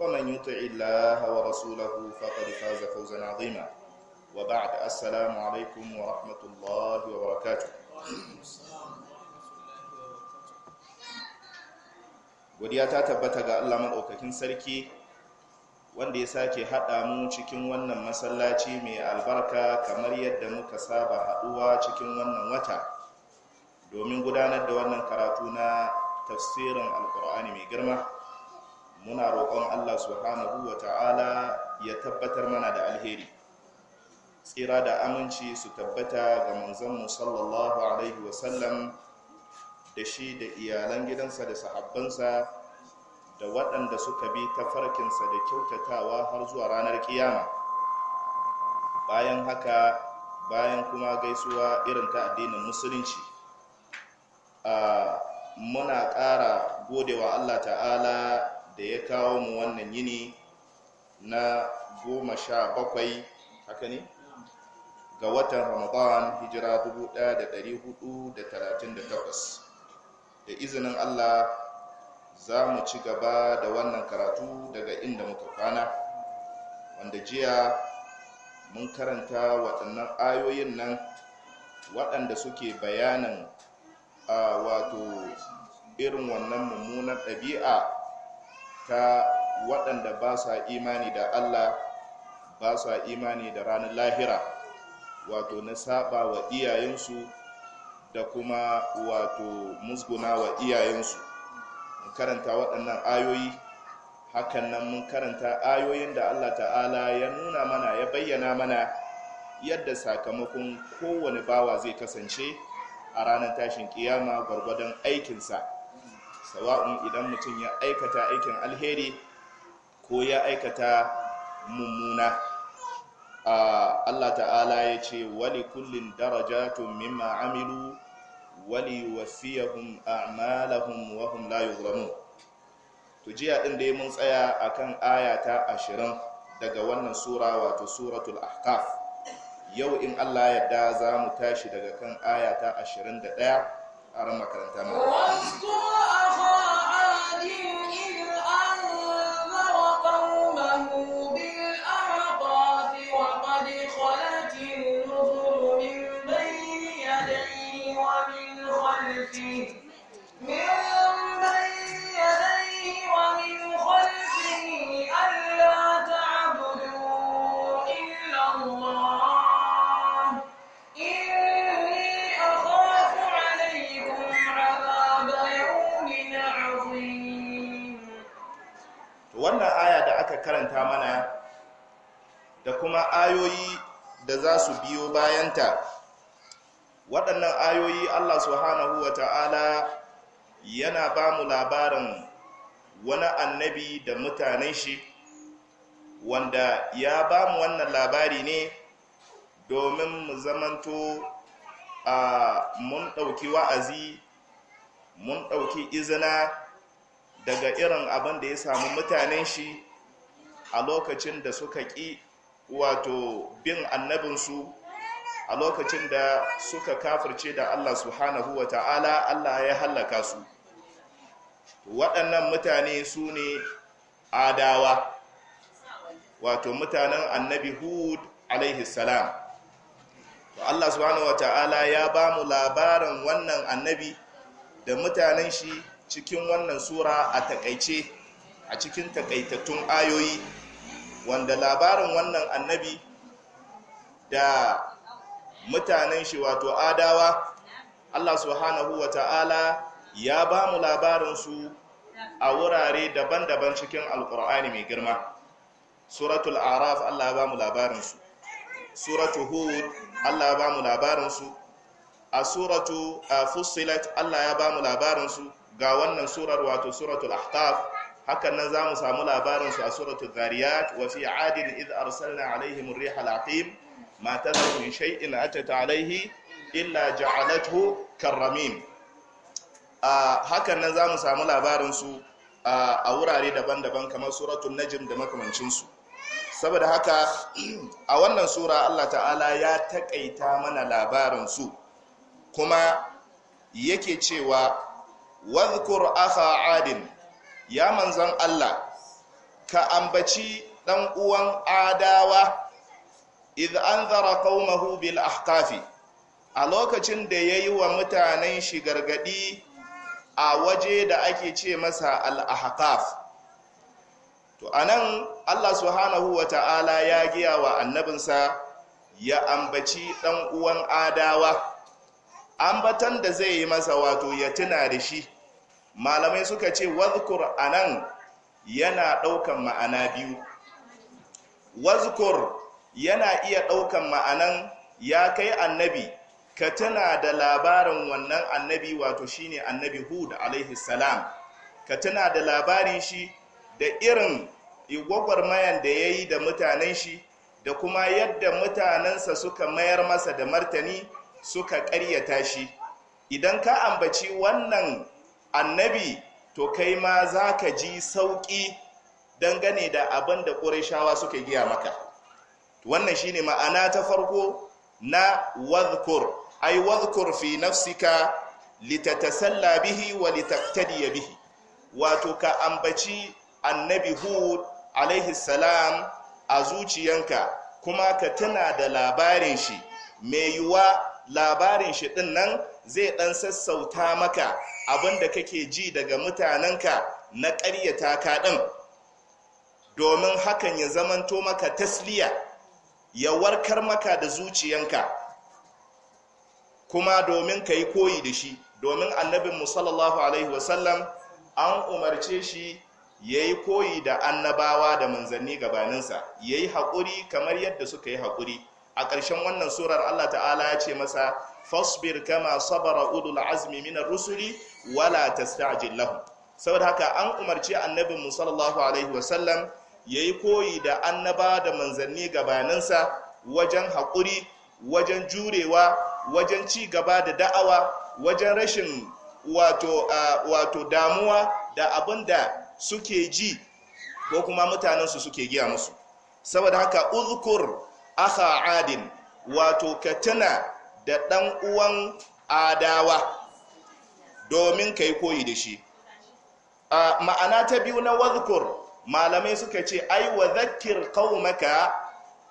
ومن يطع الله ورسوله فقد فاز فوزا عظيما وبعد السلام عليكم ورحمة الله وبركاته godiya ta tabbata ga Allah maɗaukakin sarki wanda ya sake haɗa mu cikin wannan masallaci mai albarka kamar yadda muka saba haɗuwa cikin wannan wata domin gudanar da wannan karatu na tafsirin alƙur'ani mai girma muna roƙon Allah subhanahu wa ta'ala ya tabbatar mana da alheri tsira da aminci su tabbata ga manzanmu sallallahu alaihi wasallam da shi da iyalan gidansa da sahabbansa da waɗanda suka bi ta farkinsa da kyautatawa har zuwa ranar ƙiyama. bayan haka bayan kuma gaisuwa irin ta addinin musulunci muna ƙara godewa Allah ta'ala da ya kawo mu wannan yini na goma sha bakwai haka ne ga watan ramadan hijira 1438 da izinin allah za mu ci gaba da wannan karatu daga inda muka kwana wanda jiya mun karanta waɗannan ayoyin nan waɗanda suke bayanin a wato irin wannan mummunan ɗabi'a ta waɗanda ba sa imani da Allah ba sa imani da ranar lahira wato na saba wa iyayensu da kuma wato musguna wa iyayensu mun karanta waɗannan ayoyi hakan nan mun karanta ayoyin da Allah ta'ala ya nuna mana ya bayyana mana yadda sakamakon kowane bawa zai kasance a ranar tashin kiyama gwargwadon aikinsa sawa'un idan mutum ya aikata aikin alheri ko ya aikata mummuna Allah ta'ala ya ce wali kullum darajatun mimma amilu wali wasiyahum a'malahum wa hum la yuzlamun to jiya din dai mun tsaya a kan ayata ashirin daga wannan sura wato suratul ahqaf yau in Allah ya d'a za mu tashi daga kan ayata ashirin da ɗaya? a ran makaranta ma da kuma ayoyi da za su biyo bayanta waɗannan ayoyi allah subhanahu wa ta'ala yana ba mu labarin wani annabi da mutanen shi wanda ya ba mu wannan labari ne domin mu zamanto a mun ɗauki wa'azi mun ɗauki izina daga irin abin da ya samu mutanen shi a lokacin da suka ƙi wato bin annabinsu a lokacin da suka kafirce da Allah subhanahu wa ta'ala Allah ya hallaka su waɗannan mutane su ne adawa wato mutanen annabi hud alaihi salam Allah subhanahu wa ta'ala ya ba mu labarin wannan annabi da mutanen shi cikin wannan sura a takaice a cikin takaitattun ayoyi wanda labarin wannan annabi da mutanen shi wato adawa Allah subhanahu ta'ala ya ba mu labarinsu a wurare daban-daban cikin alkur'ani mai girma suratul araf Allah ya ba mu labarinsu suratul hud Allah ya ba mu labarinsu a suratul fusilat Allah ya ba mu labarinsu ga wannan surar wato suratul ahqaf hakan nan za mu samu labarin su a suratu zariyat wa fi adin idh arsalna alaihim ar-riha al-aqim ma tadhu min shay'in atat alaihi illa ja'alathu karramim hakan nan za mu samu labarin su a wurare daban-daban kamar suratul najim da makamancinsu saboda haka a wannan sura Allah ta'ala ya taƙaita mana labarin su kuma yake cewa wadhkur akha adin ya manzan Allah ka ambaci dan uwan adawa idh anzara qaumahu bil ahqafi a lokacin da yayi wa mutanen shi gargadi a waje da ake ce masa al ahqaf to anan Allah subhanahu wata'ala ya giya wa annabinsa ya ambaci dan uwan adawa ambatan da zai yi masa wato ya tuna da shi malamai suka ce wazkur anan yana ɗaukan ma'ana biyu wazkur yana iya ɗaukan ma'anan ya kai annabi ka tana da labarin wannan annabi wato shine annabi hud alaihi salam ka tana da labarin shi da irin mayan da ya yi da mutanen shi da kuma yadda mutanensa suka mayar masa da martani suka karyata shi idan ka ambaci wannan annabi to kai ma za ka ji sauƙi dangane da abin da ƙurashawa suka giya maka wannan shine ma'ana ta farko na wadhkur ai wadhkur fi nafsika litatasalla bihi wa litaktadiya bihi wato ka ambaci annabi hud alaihi salam a zuciyanka kuma ka tuna da labarin shi mai yiwuwa labarin shi din nan zai ɗan sassauta maka abin da kake ji daga mutanenka na ƙaryata ka ɗin domin hakan ya zamanto maka tasliya ya warkar maka da zuciyanka kuma domin ka yi koyi da shi domin annabin musallallahu alaihi wasallam an umarce shi ya yi koyi da annabawa da manzanni gabaninsa ya yi haƙuri kamar yadda suka yi haƙuri a ƙarshen wannan surar Allah ta'ala ya ce masa fasbir kama sabara udul azmi minar rusuli wala tasta'jil lahum saboda haka an umarci annabin mu sallallahu alaihi wasallam yayi koyi da annaba da manzanni bayanansa wajen haƙuri wajen jurewa wajen ci gaba da da'awa wajen rashin wato wato damuwa da abin da suke ji ko kuma mutanensu suke giya musu saboda haka uzkur akha adin wato ka tuna da ɗan uwan adawa domin ka yi koyi da shi ma'ana ta biyu na wazkur malamai suka ce ai wa zakkir qaumaka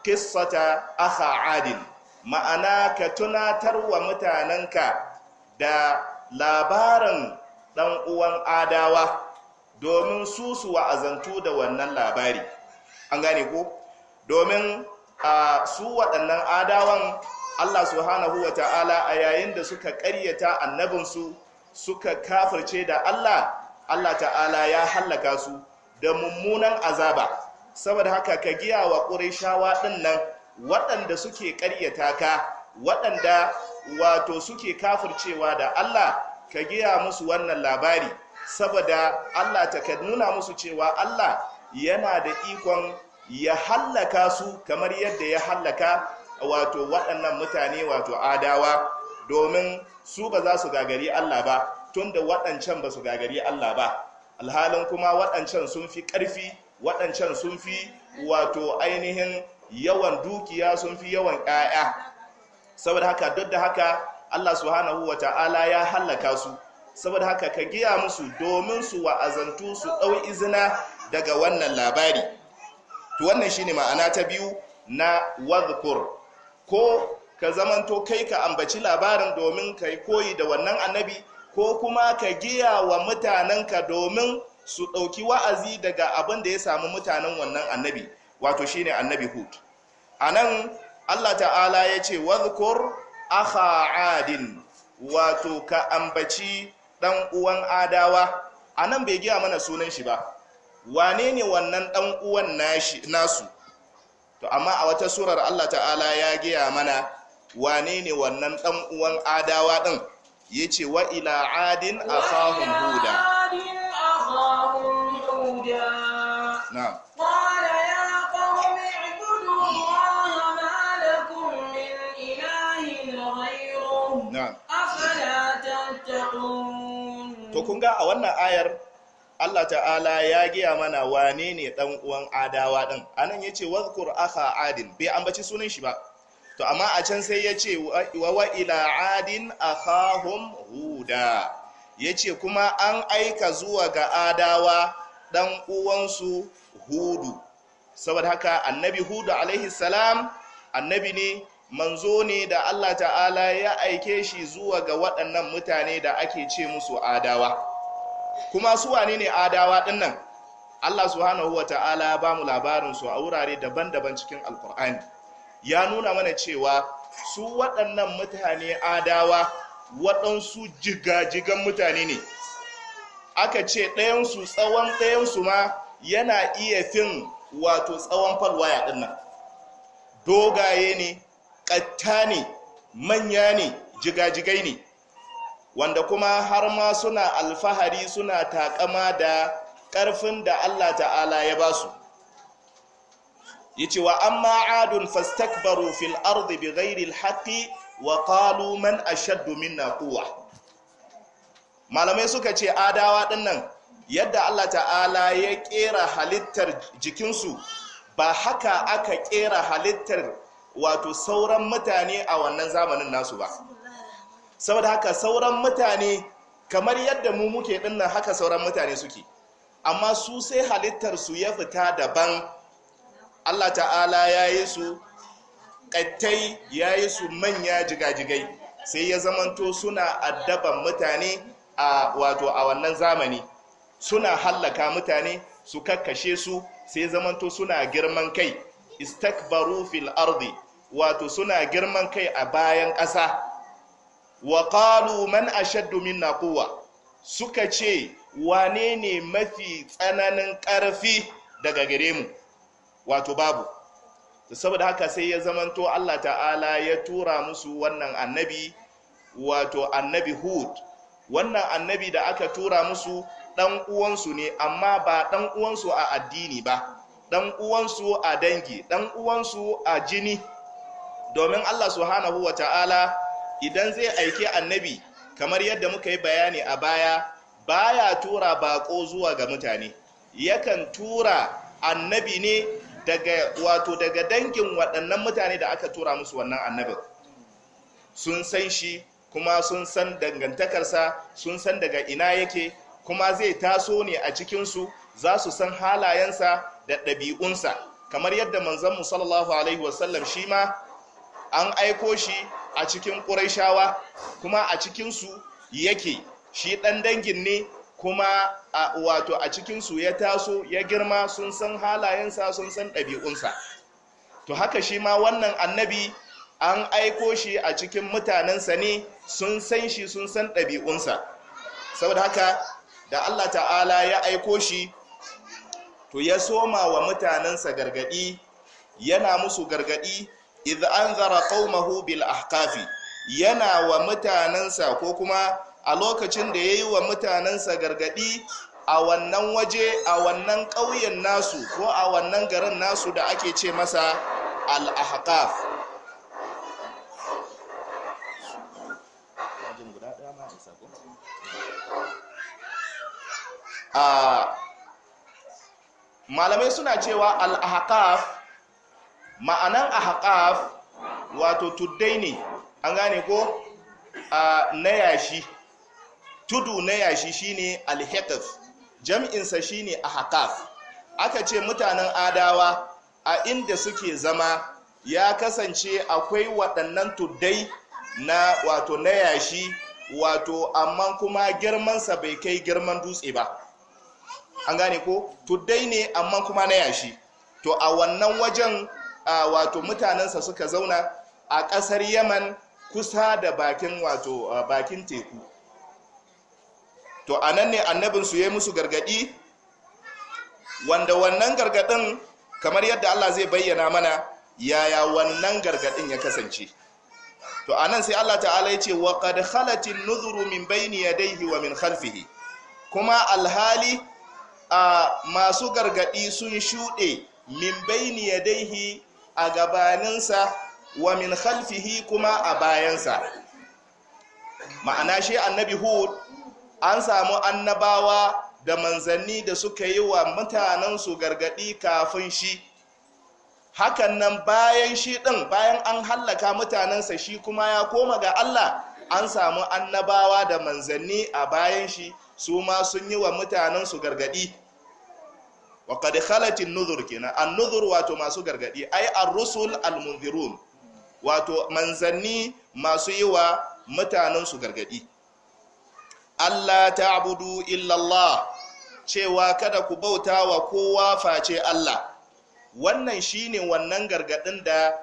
kissata akha adin ma'ana ka tunatar wa mutanenka da labarin ɗan uwan adawa domin su su wa'azantu da wannan labari an gane ko domin a su waɗannan adawan Allah subhanahu wa ta'ala a yayin da suka ƙaryata annabinsu suka kafirce da Allah Allah ta'ala ya hallaka su da mummunan azaba saboda haka ka giya wa ƙurishawa ɗin nan waɗanda suke ƙaryata ka waɗanda wato suke kafircewa da Allah ka giya musu wannan labari saboda Allah ta ka nuna musu cewa Allah yana da ikon ya hallaka su kamar yadda ya hallaka wato waɗannan mutane wato adawa domin su ba za su gagari Allah ba tunda waɗancan ba su gagari Allah ba alhalin kuma waɗancan sun fi ƙarfi waɗancan sun fi wato ainihin yawan dukiya sun fi yawan ƙaya saboda haka duk da haka Allah subhanahu wa ta'ala ya hallaka su saboda haka ka giya musu domin su wa'azantu su ɗau izina daga wannan labari to wannan shine ma'ana ta biyu na wadhkur ko ka zamanto kai ka ambaci labarin domin kai koyi da wannan annabi ko kuma ka giya wa mutanenka domin su ɗauki wa'azi daga abin da ya samu mutanen wannan annabi wato shine annabi hud anan allah ta'ala ya ce wadhkur akha adin wato ka ambaci ɗan uwan adawa anan bai giya mana sunan shi ba wane ne wannan dan uwan nasu to amma a wata surar Allah ta'ala ya gaya mana wane ne wannan dan uwan adawa din yace wa ila adin akhahum huda na'am to kun ga a wannan ayar Allah ta'ala ya giya mana wane ne dan uwan adawa din anan yace wadhkur akha adin bai ambaci sunan shi ba to amma a can sai yace wa wa ila adin akhahum huda yace kuma an aika zuwa ga adawa dan uwansu hudu saboda haka annabi hudu alaihi salam annabi ne manzo ne da Allah ta'ala ya aike shi zuwa ga waɗannan mutane da ake ce musu adawa kuma su wane ne adawa dinnan Allah subhanahu wata'ala ba mu labarin su a wurare daban-daban cikin alkur'ani ya nuna mana cewa su waɗannan mutane adawa waɗansu jigajigan mutane ne aka ce ɗayansu tsawon ɗayansu ma yana iya fin wato tsawon falwaya ɗinnan dogaye ne ƙatta ne manya ne jigajigai ne wanda kuma har ma suna alfahari suna takama da ƙarfin da Allah ta'ala ya ba su yace wa amma adun fastakbaru fil bi bighairi alhaqi wa kaluman man domin na kowa. malamai suka ce adawa dinnan yadda Allah ta'ala ya ƙera halittar jikinsu ba haka aka ƙera halittar wato sauran mutane a wannan zamanin nasu ba saboda haka sauran mutane kamar yadda mu muke dinnan haka sauran mutane suke amma su sai halittar su ya fita daban Allah ta'ala ya yi su kattai ya yi su manya jigajigai sai ya zamanto suna addaban mutane a wato a wannan zamani suna hallaka mutane su kakkashe su sai zamanto suna girman kai istakbaru fil ardi wato suna girman kai a bayan ƙasa wa qalu man ashaddu minna kowa suka ce wane ne mafi tsananin ƙarfi daga gare mu wato babu saboda haka sai ya zamanto Allah ta'ala ya tura musu wannan annabi wato annabi hud wannan annabi da aka tura musu dan uwansu ne amma ba dan uwansu a addini ba dan uwansu a dangi dan uwansu a jini domin Allah subhanahu wa ta'ala idan zai aike annabi kamar yadda muka yi bayani a baya baya tura bako zuwa ga mutane yakan tura annabi ne daga wato daga dangin waɗannan mutane da aka tura musu wannan annabin sun san shi kuma sun san dangantakarsa sun san daga ina yake kuma zai taso ne a cikinsu za su san halayensa da ɗabi'unsa kamar yadda manzanmu sallallahu alaihi wasallam shi ma an aiko shi a cikin ƙuraishawa kuma a cikinsu yake shi ɗan dangin ne kuma a wato a cikinsu ya taso ya girma sun san halayensa sun san ɗabi'unsa to haka shi ma wannan annabi an aiko shi a cikin mutanensa ne sun san shi sun san ɗabi'unsa saboda haka da allah ta'ala ya aiko shi to ya soma wa mutanensa gargaɗi yana musu gargaɗi idh anzara qaumahu bil ahqafi yana wa mutanansa ko kuma a lokacin da yayi wa mutanansa gargadi a wannan waje a wannan ƙauyen nasu ko a wannan garin nasu da ake ce masa al ahqaf ah, malamai suna cewa al ahqaf ma'anan ahqaf wato tuddai ne an gane ko na yashi tudu na yashi shine al-haqaf jam'insa shine ahqaf aka ce mutanen adawa a inda suke zama ya kasance akwai waɗannan tuddai na wato na yashi wato amma kuma girmansa bai kai girman dutse ba an gane ko tuddai ne amma kuma na yashi to a wannan wajen wato mutanensa suka zauna a ƙasar yaman kusa da bakin wato bakin teku to a nan ne annabinsu ya yi musu gargaɗi wanda wannan gargaɗin kamar yadda allah zai bayyana mana yaya wannan gargaɗin ya kasance to a nan sai allah ta'ala ya ce wa qad khalatin nuzuru min bayni yadayhi wa min khalfihi kuma alhali a masu gargaɗi sun shuɗe min bayni yadayhi a gabaninsa wa min halfihi kuma a bayansa ma'ana shi annabi hud an samu annabawa da manzanni da suka yi wa mutanensu gargadi kafin shi hakan nan bayan shi ɗin bayan an hallaka mutanensa shi kuma ya koma ga allah an samu annabawa da manzanni a bayan shi su ma sun yi wa mutanensu gargadi wa qad khalat an-nuzur kenan an-nuzur wato masu gargadi ai ar-rusul al-munzirun wato manzanni masu yi wa mutanen su gargadi Allah ta'budu illa Allah cewa kada ku bauta wa kowa face Allah wannan shine wannan gargadin da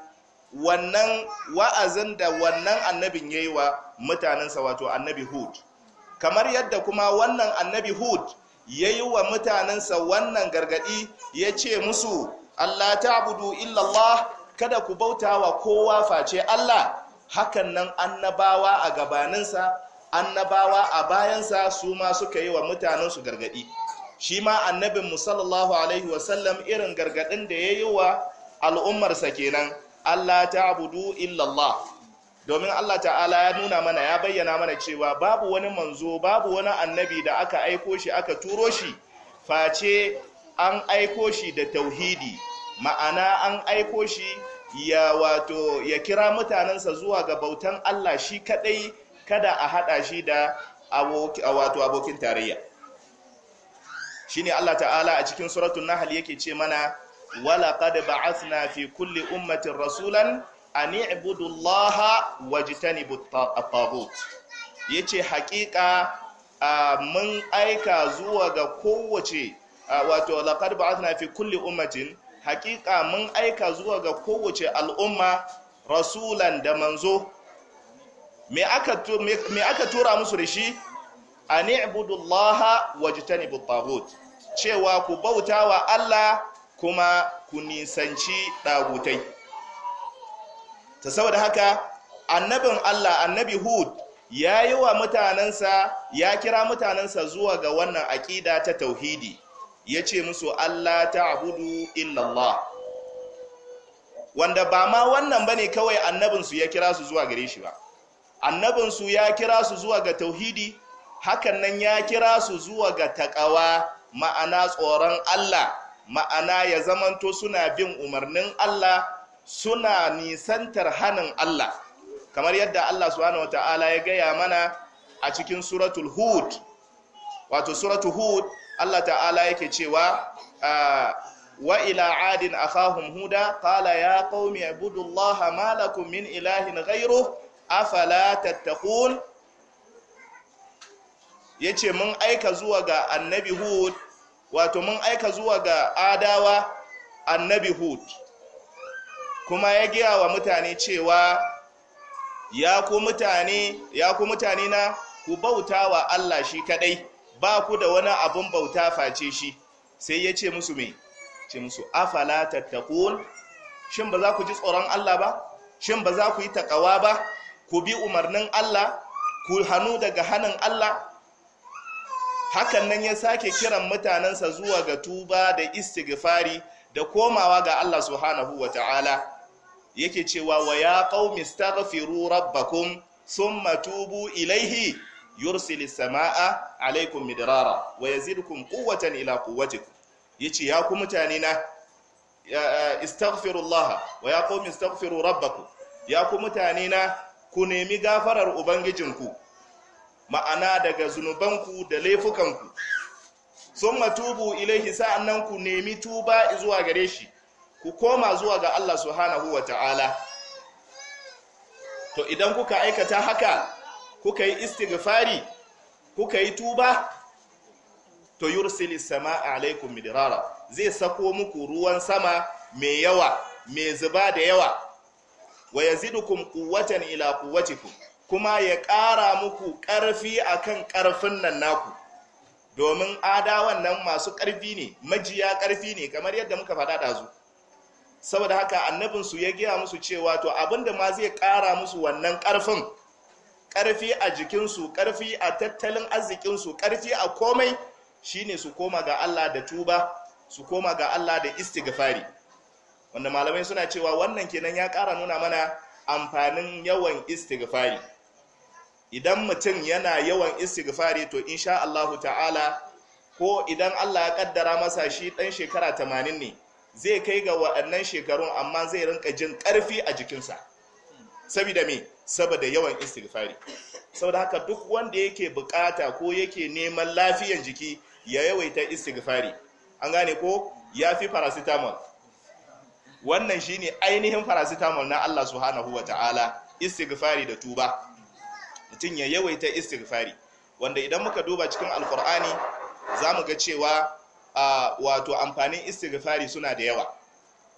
wannan wa'azin da wannan annabin yayi wa mutanensa wato annabi Hud kamar yadda kuma wannan annabi Hud ya yi wa mutanensa wannan gargaɗi ya ce musu allah ta budu illallah kada ku bauta wa kowa face allah hakan nan annabawa a gabaninsa annabawa a bayansa su ma suka yi wa mutanensu gargaɗi shi ma annabin musallallahu alaihi wasallam irin gargaɗin da ya yi wa al'ummarsa kenan allah ta budu illallah domin Allah ta'ala ya nuna mana ya bayyana mana cewa babu wani manzo babu wani annabi da aka aiko shi aka turo shi face an aiko shi da tauhidi ma'ana an aiko shi ya wato ya kira mutanensa zuwa ga bautan Allah shi kadai kada a hada shi da wato abokin tarayya shine Allah ta'ala a cikin suratun nahal yake ce mana wala kada ba'athna fi kulli ummatin rasulan an ibudullaha wajitani at Ya yace haƙiƙa mun aika zuwa ga kowace wato laqad ba'athna fi kulli ummatin haƙiƙa mun aika zuwa ga kowace al'umma rasulan da manzo me aka tura musu da shi an ibudullaha wajtanibu at-taghut cewa ku wa Allah kuma ku nisanci ɗagutai ta saboda haka annabin Allah annabi Hud ya yi wa mutanensa ya kira mutanensa zuwa ga wannan aƙida ta tauhidi ya ce musu Allah ta illallah wanda ba ma wannan ba ne kawai annabinsu ya kira su zuwa gare shi ba annabinsu ya kira su zuwa ga tauhidi hakan nan ya kira su zuwa ga taƙawa ma'ana tsoron Allah ma'ana ya zamanto suna bin umarnin Allah suna nisantar hanin Allah kamar yadda Allah subhanahu wata'ala ya gaya mana a cikin suratul hud wato suratul hud Allah ta'ala yake cewa ah, wa ila adin akhahum huda qala ya qaumi ibudullaha ma lakum min ilahin ghayruhu afala tattaqun yace mun aika zuwa ga annabi hud wato mun aika zuwa ga adawa annabi hud kuma ya gaya wa mutane cewa ya ku mutane ya ku mutane na ku bauta wa Allah shi kadai ba ku da wani abun bauta face shi sai ya ce musu mai, ce musu afala tattaqun shin ba za ku ji tsoron Allah ba shin ba za ku yi takawa ba ku bi umarnin Allah ku hanu daga hannun Allah hakan nan ya sake kiran mutanensa zuwa ga tuba da istighfari da komawa ga Allah subhanahu wa yake cewa wa ya qaumi astaghfiru rabbakum thumma tubu ilayhi yursilis samaa alaikum midrara wa yazidukum quwwatan ila quwwatikum yace ya ku mutane na istaghfirullah wa ya qaumi astaghfiru rabbakum ya ku mutane na ku nemi gafarar ubangijinku ma'ana daga zunubanku da laifukanku sun matubu ilaihi sa'annan ku nemi tuba zuwa gare shi ku koma zuwa ga Allah subhanahu wata'ala ta'ala to idan kuka aikata haka kuka yi istighfari kuka yi tuba to yursilis samaa alaikum midrara zai sako muku ruwan sama mai yawa mai zuba da yawa wa yazidukum quwwatan ila quwwatikum kuma ya ƙara muku ƙarfi akan ƙarfin nan naku domin adawan nan masu ƙarfi ne majiya ƙarfi ne kamar yadda muka faɗa ɗazu saboda haka annabinsu ya gaya musu cewa to abinda ma zai ƙara musu wannan karfin ƙarfi a jikinsu karfi a tattalin arzikinsu karfi a komai shine su koma ga Allah da tuba su koma ga Allah da istighfari wanda malamai suna cewa wannan kenan ya kara nuna mana amfanin yawan istighfari idan mutum yana yawan istighfari to insha Allah ta'ala ko idan Allah ya kaddara masa shi dan shekara 80 ne zai kai ga waɗannan shekarun amma zai rinka jin ƙarfi a jikinsa saboda me saboda yawan istighfari saboda haka duk wanda yake bukata ko yake neman lafiyan jiki ya yawaita istighfari an gane ko ya fi farasitamol. wannan shine ainihin farasitamol na Allah subhanahu Ta'ala. istighfari da tuba mutum ya yawaita istighfari wanda idan muka duba cikin alkur'ani za mu ga cewa wato amfanin istighfari suna da yawa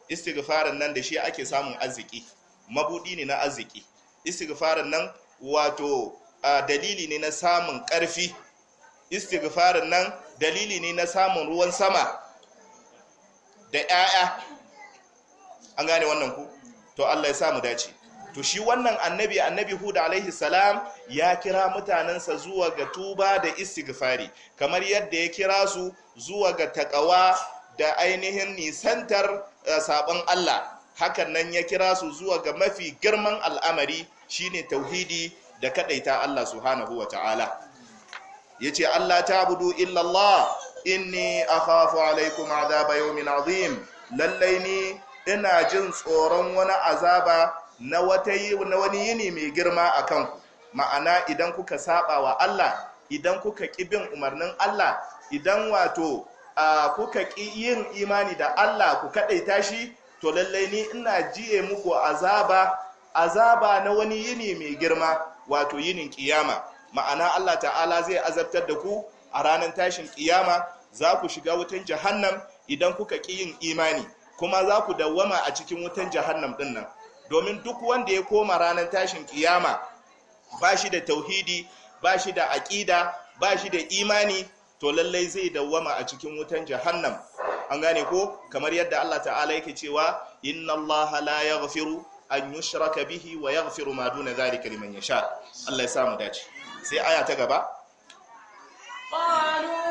istighfarin nan da shi ake samun arziki mabudi ne na arziki istighfarin nan wato dalili ne na samun karfi istighfarin nan dalili ne na samun ruwan sama da 'ya'ya an gane wannan ku to Allah ya sa mu dace to shi wannan annabi annabi huda alaihi salam ya kira mutanensa zuwa ga tuba da istighfari kamar yadda ya kira su zuwa ga takawa da ainihin nisantar eh, sabon Allah hakan nan ya kira su zuwa ga mafi girman al'amari shine tauhidi da kadaita Allah subhanahu wataala yace Allah ta budu illallah inni akhafu alaikum azaba yawmin azim lallai ni ina jin tsoron wani azaba na wani yini mai girma a kanku ma'ana idan kuka saba wa Allah idan kuka ƙi bin umarnin Allah idan wato kuka ƙi yin imani da Allah ku kaɗaita tashi, to lallai ni ina jiye muku azaba azaba na wani yini mai girma wato yinin kiyama ma'ana Allah ta'ala zai azabtar da ku a ranar tashin kiyama za ku shiga wutan jahannam idan kuka ƙi yin imani kuma za ku dawwama a cikin wutan jahannam ɗin domin duk wanda ya koma ranar tashin kiyama ba shi da tauhidi ba shi da aƙida ba shi da imani to lallai zai dawwama a cikin wutan jahannam an gane ko kamar yadda Allah ta'ala yake cewa inna Allah la yaghfiru an yushraka bihi wa yaghfiru ma duna dhalika liman sha. Allah ya samu dace sai aya ta gaba qalu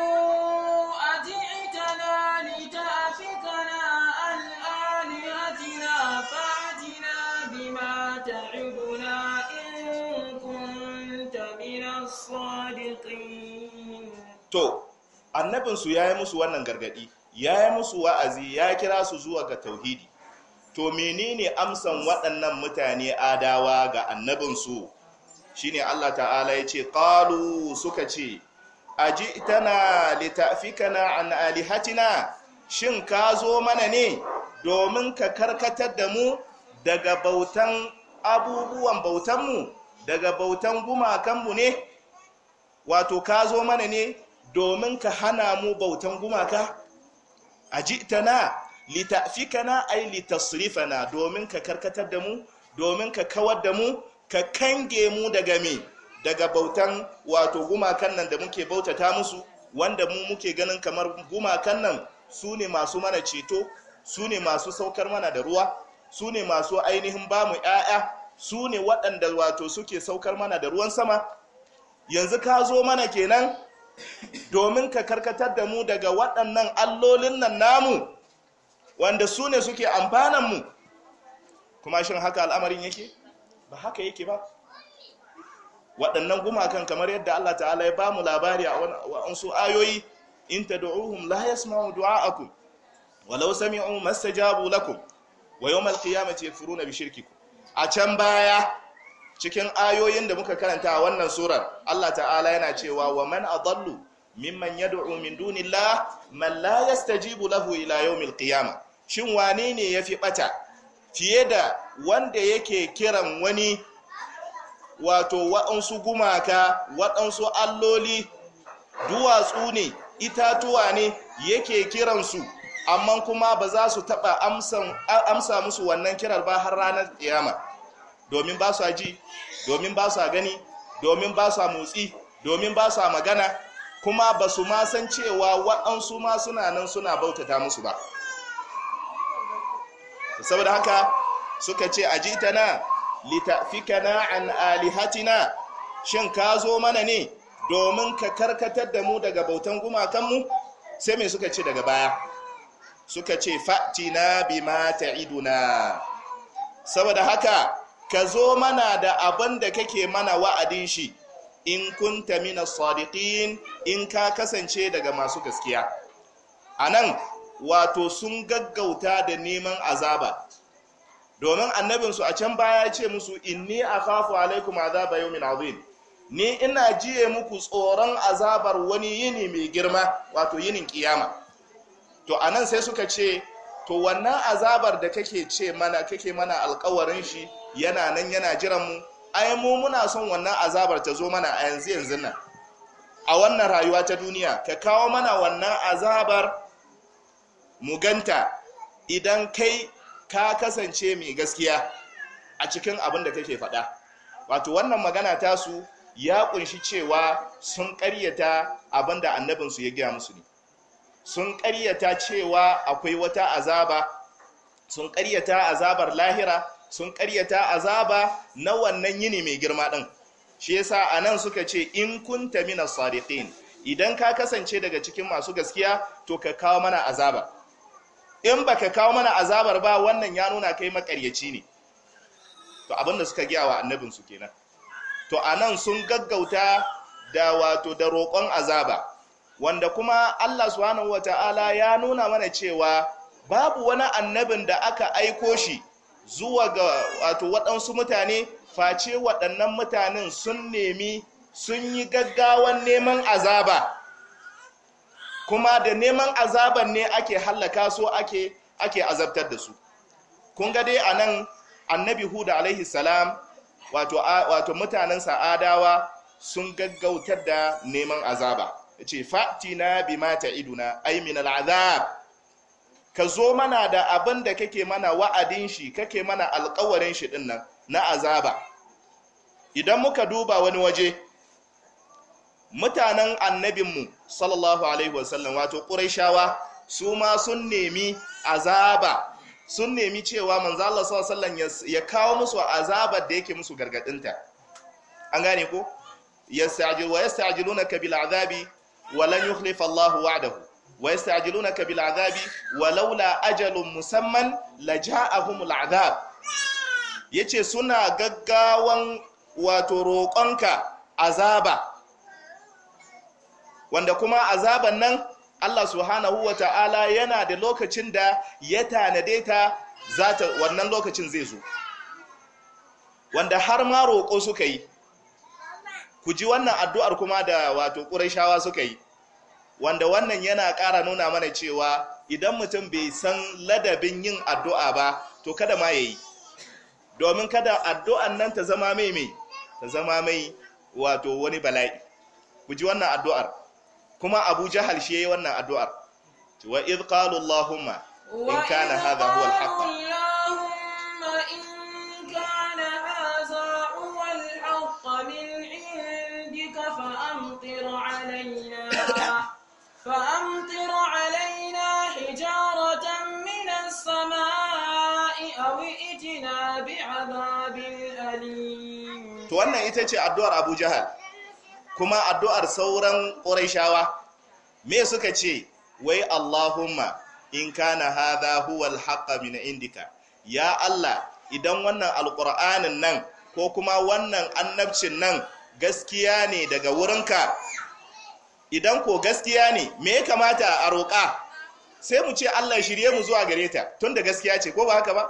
to annabinsu ya yi musu wannan gargadi ya yi musu wa'azi ya kira su zuwa ga tauhidi to menene amsan waɗannan mutane adawa ga annabinsu shine Allah ta'ala ya ce ƙalu suka ce a ji tana kana an alihatina shin ka zo mana ne domin ka karkatar da mu daga bautan abubuwan bautanmu daga bautan gumakanmu ne wato ka zo mana ne domin ka hana mu bautan gumaka a na jitana lita'fikana ai na domin ka karkatar da mu domin ka kawar da mu ka kange mu daga me daga bautan wato gumakan nan da muke bautata musu wanda mu muke ganin kamar gumakan nan su ne masu mana ceto su ne masu saukar mana da ruwa su ne masu ainihin ba mu 'ya'ya su ne waɗanda wato suke saukar mana da ruwan sama yanzu ka zo mana kenan domin ka karkatar da mu daga waɗannan allolin nan namu wanda su ne suke amfananmu kuma shin haka al'amarin yake ba haka yake ba waɗannan gumakan kamar yadda Allah ta'ala ya ba mu labari a wa'ansu ayoyi in ta du'uhum la yasma'u du'a'akum walau sami'u jabu lakum wa yawmal qiyamati yakfuruna bishirki ku. a can baya cikin ayoyin da muka karanta a wannan surar Allah ta'ala yana cewa wa man adallu mimman yad'u min dunillah man la yastajibu lahu ila yawmil qiyamah shin wane ne yafi bata fiye da wanda yake kiran wani wato waɗansu gumaka waɗansu alloli duwatsu ne itatuwa ne yake kiransu amma kuma ba za su taɓa amsa musu wannan kirar ba har ranar kiyama domin ba su ji domin ba su gani domin ba su motsi domin ba su magana kuma ba su ma san cewa waɗansu ma suna nan suna bautata musu ba saboda haka suka ce a ji ajitana litafikana an alihatina shin ka zo mana ne domin ka karkatar da mu daga bautan gumakanmu sai mai suka ce daga baya suka ce fa'tina mata iduna. saboda haka ka zo mana da abin da kake mana wa'adin shi in kunta mina sadiqin in ka kasance daga masu gaskiya A nan, wato sun gaggauta da neman azaba domin annabinsu a can baya ya ce musu inni kafu alaikum azaba yawmin azim ni ina jiye muku tsoron azabar wani yini mai girma wato yinin kiyama to anan sai suka ce to wannan azabar da kake ce mana kake mana alkawarin shi yana nan yana jiran mu ai mu muna son wannan azabar ta zo mana a yanzu yanzu nan a wannan rayuwa ta duniya ka kawo mana wannan azabar mu ganta idan kai ka kasance mai gaskiya a cikin abin da kake faɗa wato wannan magana tasu ya kunshi cewa sun ƙaryata abin da annabinsu ya gaya musu ne sun ƙaryata cewa akwai wata azaba sun ƙaryata azabar lahira sun ƙaryata azaba na wannan yini mai girma ɗin shi yasa a nan suka ce in ta mina sadiqin idan ka kasance daga cikin masu gaskiya to ka kawo mana azaba in ba ka kawo mana azabar ba wannan ya nuna kai makaryaci ne to abinda suka giya wa annabinsu kenan to a nan sun gaggauta da wato da roƙon azaba wanda kuma Allah subhanahu wata'ala ya nuna mana cewa babu wani annabin da aka aiko shi zuwa ga wato waɗansu mutane face waɗannan mutanen sun nemi sun yi gaggawan neman azaba kuma da neman azaban ne ake hallaka su ake ake azabtar da su kun ga dai anan annabi huda alaihi salam wato wato mutanen sa'adawa sun gaggautar da neman azaba ce fa'tina bima ta'iduna ay min al'azab ka zo mana da abin da kake mana wa'adin shi kake mana alƙawarin shi din na azaba idan muka duba wani waje mutanen annabinmu sallallahu alaihi wasallam wato su ma sun nemi azaba sun nemi cewa manzo Allah sallallahu alaihi wasallam ya kawo musu azabar da yake musu gargadinta an gane ko yasta'jilu wa yasta'jilunaka bil azabi walan yukhlifa Allahu wa'dahu wa yasta'jilunaka bil azabi walaula ajalun musamman laja'ahumul azab yace suna gaggawan wato roƙonka azaba wanda kuma azaban nan Allah subhanahu wa ta'ala yana da lokacin da ya tanade ta zata wannan lokacin zai zo wanda har ma roƙo suka yi ku ji wannan addu'ar kuma da wato ƙurayshawa suka yi wanda wannan yana ƙara nuna mana cewa idan mutum bai san ladabin yin addu'a ba to kada ma ya yi, domin kada addu'an nan ta zama mai mai ta zama mai wato wani bala'i ku ji wannan addu'ar kuma Abu Jahal shi yi wannan addu'ar wa idh in kana hadha huwa al-haqq فأمطر علينا حجارة من السماء أو ائتنا بعذاب أليم to wannan ita ce addu'ar Abu kuma addu'ar sauran Qurayshawa me suka ce wai Allahuma in kana hadha huwa al indika ya Allah idan wannan alqur'anin nan ko kuma wannan annabcin nan gaskiya ne daga wurinka idan ko gaskiya ne me ya kamata a roƙa sai mu ce Allah shirye mu zuwa gare ta da gaskiya ce ko ba haka ba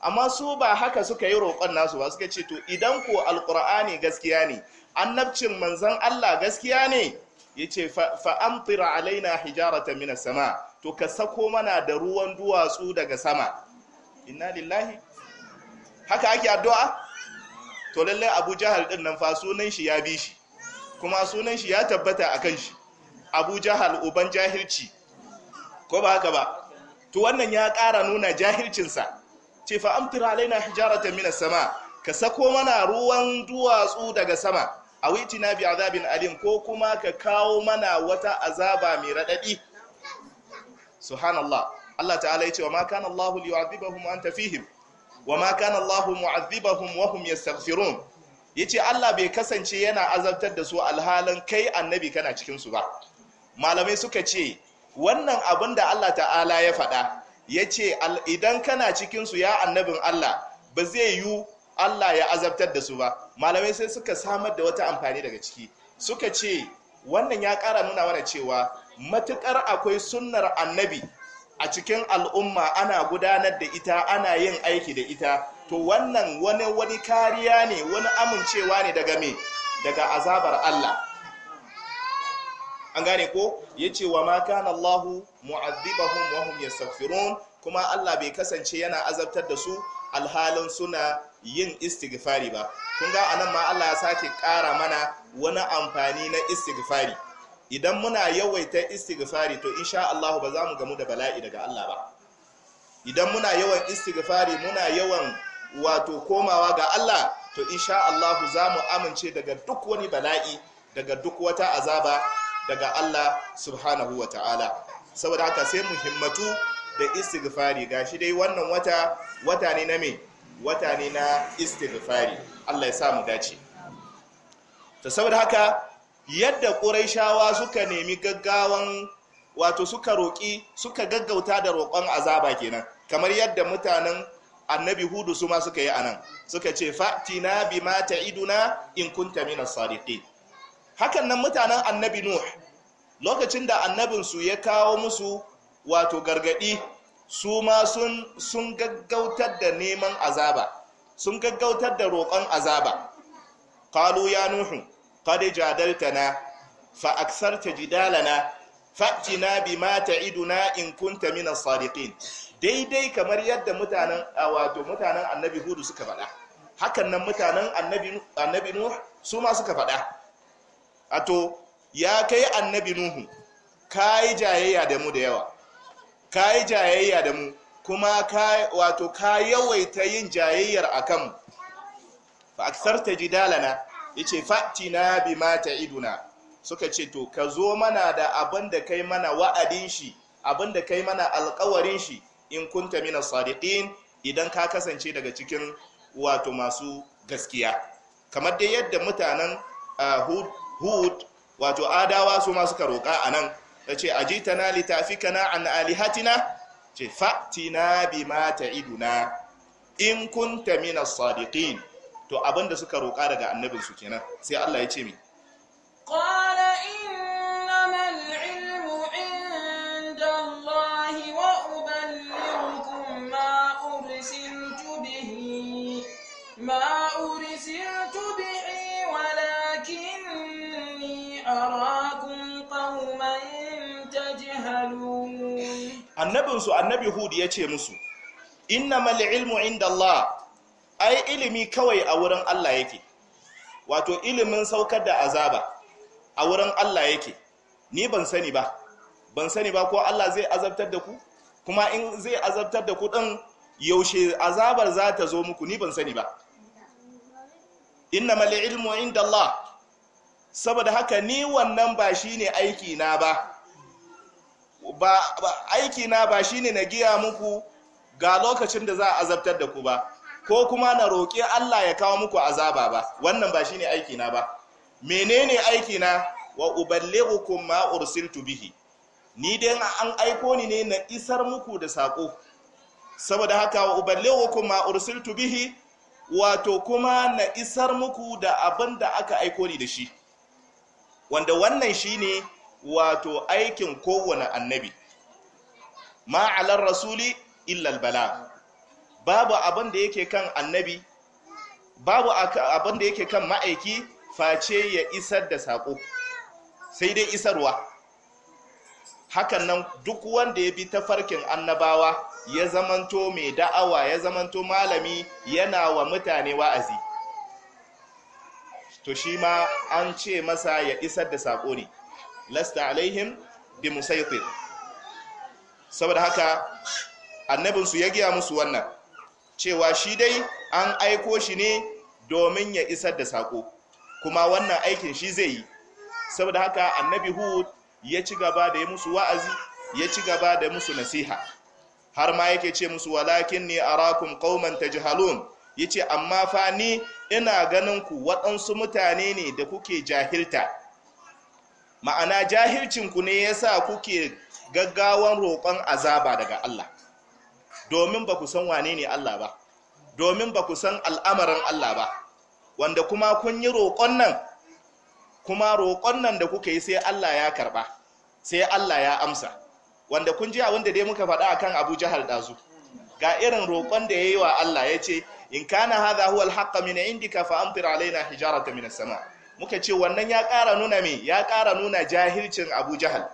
amma su ba haka suka yi roƙon nasu ba suka ce to idan ko alƙur'ani gaskiya ne annabcin manzon Allah gaskiya ne yace fa amtira alaina hijarata mina sama to ka sako mana da ruwan duwatsu daga sama inna lillahi haka ake addu'a to lallai Abu Jahal din nan fa sunan shi ya bi shi kuma sunan shi ya tabbata akan shi abu jahal uban jahilci ko ba haka ba to wannan ya ƙara nuna jahilcinsa ce fa amtir alaina hijaratan minas sama ka sako mana ruwan duwatsu daga sama a witina bi azabin alim ko kuma ka kawo mana wata azaba mai radadi subhanallah Allah ta'ala ya ce wa ma kana Allah liyu'adhibahum wa anta fihim wa ma kana Allah mu'adhibahum wa hum yastaghfirun yace Allah bai kasance yana azabtar da su alhalin kai annabi kana cikin su ba malamai suka ce wannan abin da Allah ta'ala ya faɗa ya ce idan kana cikinsu ya annabin Allah ba zai yi Allah ya azabtar da su ba malamai sai suka samar da wata amfani daga ciki suka ce wannan ya ƙara nuna mana cewa matuƙar akwai sunnar annabi a cikin al'umma ana gudanar da ita ana yin aiki da ita to wannan wani wani kariya ne wani amincewa ne daga me daga azabar Allah an gane ko ya ce wa ma allahu Allah mu'adhibahum wa hum yastaghfirun kuma Allah bai kasance yana azabtar da su alhalin suna yin istighfari ba kun ga anan ma Allah ya sake kara mana wani amfani na istighfari idan muna yawaita istighfari to insha Allah ba za mu gamu da bala'i daga Allah ba idan muna yawan istighfari muna yawan wato komawa ga Allah to insha Allah za mu amince daga duk wani bala'i daga duk wata azaba daga Allah subhanahu wa ta'ala saboda haka sai mu himmatu da istighfari gashi dai wannan wata wata ne na me wata ne na istighfari Allah ya sa mu dace to saboda haka yadda ƙuraishawa suka nemi gaggawan wato suka roƙi suka gaggauta da roƙon azaba kenan kamar yadda mutanen annabi hudu su ma suka yi anan suka ce fa'tina bima ta'iduna in kunta minas sadiqin hakan nan mutanen annabi nuh lokacin da annabinsu ya kawo musu wato gargadi su ma sun gaggautar da neman azaba sun gaggautar da roƙon azaba qalu ya nuhu qad jadaltana na aksarta jidalana fa'tina bima iduna in kunta mina sadiqin daidai kamar yadda mutanen wato mutanen annabi hudu suka faɗa hakan nan mutanen annabi annabi nuh su ma suka faɗa ato ya kai annabi nuhu ka yi jayayya da mu da yawa ka yi jayayya da mu kuma ka wato ka yawaita yin jayayyar akan fa aksarta jidalana yace fatina bima iduna suka ce to ka zo mana da abin da kai mana wa'adin shi abin da kai mana alkawarin shi in kunta mina sadiqin idan ka kasance daga cikin wato masu gaskiya kamar dai yadda mutanen ah, hud hud wato adawa su ma suka roƙa a nan ta ce a jita na ajitana kana an alihatina ce fatina ta iduna in kunta mina sadiqin to abinda suka roƙa daga annabinsu kenan sai Allah ya ce mi annabinsu annabi hud ya ce musu innamal ilmu inda Allah ai ilimi kawai a wurin Allah yake wato ilimin saukar da azaba a wurin Allah yake ni ban sani ba ban sani ba ko Allah zai azabtar da ku kuma in zai azabtar da ku din yaushe azabar za ta zo muku ni ban sani ba innamal ilmu inda Allah saboda haka ni wannan ba shine aiki na ba ba aiki na ba shine na giya muku ga lokacin da za a azabtar da ku ba ko kuma na roƙi Allah ya kawo muku azaba ba wannan ba shine aiki na ba menene aiki na wa uballighukum ma ursiltu bihi ni dai an aiko ni ne na isar muku da sako saboda haka wa uballighukum ma ursiltu bihi wato kuma na isar muku da abin da aka aiko ni da shi wanda wannan shine wato aikin kowane annabi alar rasuli illal bala babu abin da yake kan annabi babu abin da yake kan ma'aiki face ya isar da saƙo sai dai isarwa hakan nan duk wanda ya bi ta farkin annabawa ya zamanto mai da'awa ya zamanto malami yana wa mutane wa'azi to shi ma an ce masa ya isar da saƙo ne lasta alaihim bi musaitir saboda haka annabinsu ya giya musu wannan cewa shi dai an aiko shi ne domin ya isar da sako kuma wannan aikin shi zai yi saboda haka annabi hud ya ci gaba da ya musu wa'azi ya ci gaba da musu nasiha har ma yake ce musu walakin ni arakum qauman tajhalun yace amma fa ni ina ganin ku waɗansu mutane ne da kuke jahilta ma'ana jahilcinku ne ya sa kuke gaggawan roƙon azaba daga Allah domin ba ku san wane ne Allah ba domin ba ku san al'amarin Allah ba wanda kuma kun yi roƙon nan kuma roƙon nan da kuka yi sai Allah ya karɓa sai Allah ya amsa wanda kun ji abin da dai muka faɗa akan Abu Jahal dazu ga irin roƙon da yayi wa Allah yace in kana hadha huwa al-haqq min indika fa amtir alaina hijaratan min as-sama' muka ce wannan ya ƙara nuna me ya ƙara nuna jahilcin abu jahal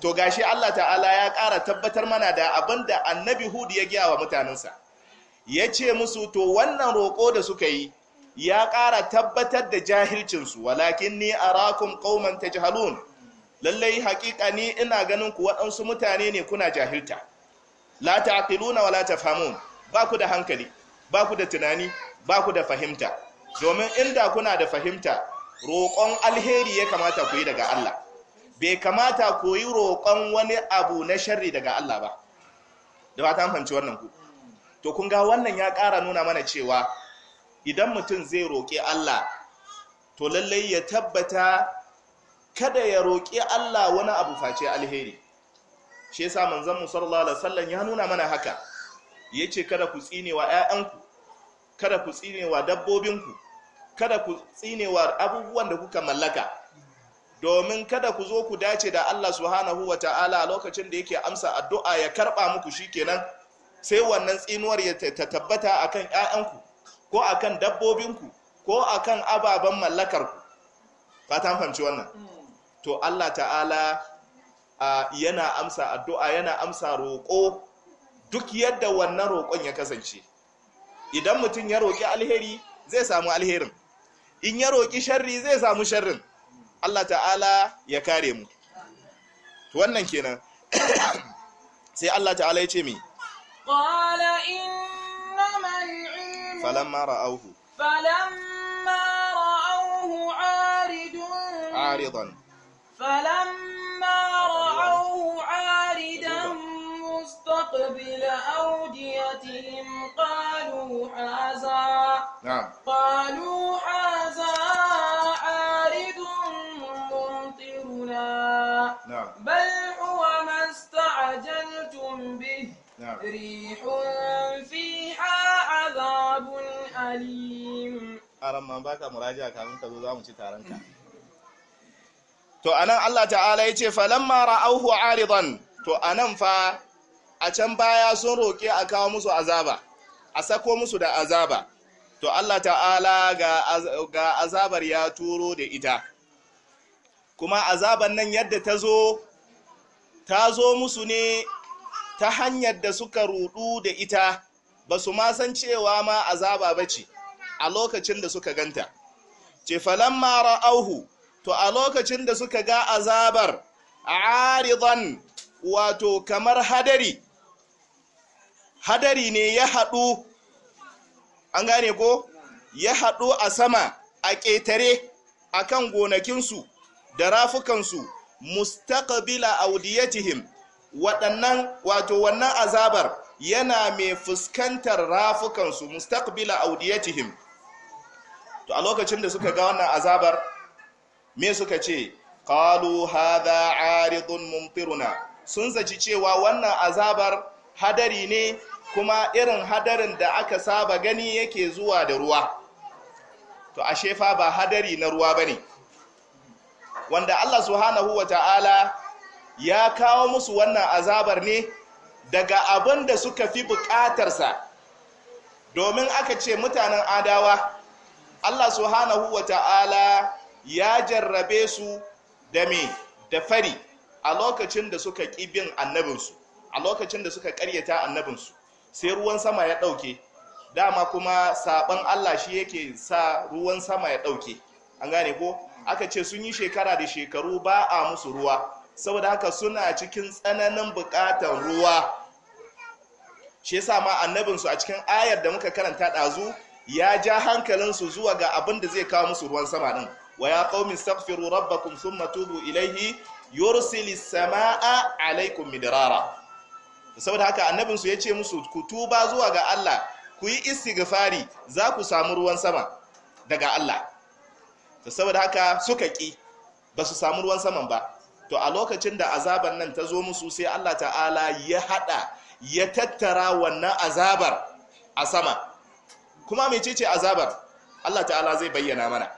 to gashi Allah ta'ala ya ƙara tabbatar mana da abin da annabi hud ya gaya wa mutanensa ya ce musu to wannan roƙo da suka yi ya ƙara tabbatar da jahilcinsu walakin ni a rakun arakum ta jihalun lallai haƙiƙa ni ina ganin ku waɗansu mutane ne kuna jahilta la taqiluna wala tafhamun ba ku da hankali ba ku da tunani ba ku da fahimta domin inda kuna da fahimta roƙon alheri ya kamata ku yi daga Allah bai kamata ku yi roƙon wani abu na sharri daga Allah ba da ba ta amfanci wannan ku to kun ga wannan ya ƙara nuna mana cewa idan mutum zai roƙe Allah to lallai ya tabbata kada ya roƙe Allah wani abu face alheri shi yasa manzon mu sallallahu alaihi wasallam ya nuna mana haka yace kada ku tsinewa 'ya'yanku, ƴaƴanku kada ku tsinewa dabbobinku kada ku tsinewa abubuwan da kuka mallaka domin kada ku zo ku dace da Allah subhanahu wa ta'ala lokacin da yake amsa addu'a ya karba muku shi shikenan sai wannan tsinuwar ya tabbata akan ƴaƴanku ko akan dabbobinku ko akan ababen mallakarku fatan fahimci wannan to Allah ta'ala yana amsa addu'a yana amsa roƙo duk yadda wannan roƙon ya kasance idan mutum ya roƙi alheri zai samu alherin in ya roƙi sharri zai samu sharrin Allah ta'ala ya kare mu wannan kenan sai Allah ta'ala ya ce mi qala innamal ilmu falamma ra'awhu falamma ra'awhu aridun aridan mara auhu aridun مستقبل أوديتهم قالوا هذا نعم قالوا هذا عارض ممطرنا نعم بل هو ما استعجلتم به نعم ريح فيها عذاب أليم أرمان باكا مراجعة كامل تدوزا مجتارنكا to anan Allah ta'ala ya ce falamma ra'auhu aridan to anan fa a can baya sun roƙe a kawo musu azaba a sako musu da azaba to Allah ta'ala ga azabar ya turo da ita kuma azaban nan yadda ta zo ta zo musu ne ta hanyar da suka rudu da ita ba su ma san cewa ma azaba ba ce a lokacin da suka ganta ce mara auhu to a lokacin da suka ga azabar a wato kamar hadari hadari ne ya haɗu an gane ko ya haɗu a sama a ƙetare a kan gonakinsu da rafukansu mustaqbila audiyatihim waɗannan wato wannan azabar yana mai fuskantar rafukansu mustaqbila audiyatihim to a lokacin da suka ga wannan azabar me suka ce qalu hadha aridun mumtiruna sun zaci cewa wannan azabar hadari ne kuma irin hadarin da aka saba gani yake zuwa da ruwa to ashe fa ba hadari na ruwa ba ne. wanda Allah subhanahu wata'ala ya kawo musu wannan azabar ne daga abin da suka fi bukatarsa domin aka ce mutanen adawa Allah subhanahu wata'ala ya jarrabe su da me da fari a lokacin da suka ƙi annabinsu a lokacin da suka ƙaryata annabinsu sai ruwan sama ya ɗauke dama kuma saban Allah shi yake sa ruwan sama ya ɗauke an gane ko aka ce sun yi shekara da shekaru ba a musu ruwa saboda haka suna cikin tsananin bukatan ruwa shi yasa ma annabinsu a cikin ayar da muka karanta ɗazu ya ja hankalinsu zuwa ga abin da zai kawo musu ruwan sama ɗin wa ya qaumi astaghfiru rabbakum thumma tubu ilayhi yursilis samaa alaykum midrara saboda haka annabinsu ya ce musu ku tuba zuwa ga Allah ku yi istighfari za ku samu ruwan sama daga Allah saboda haka suka ƙi ba su samu ruwan saman ba to a lokacin da azaban nan ta zo musu sai Allah ta'ala ya hada ya tattara wannan azabar a sama kuma mecece azabar Allah ta'ala zai bayyana mana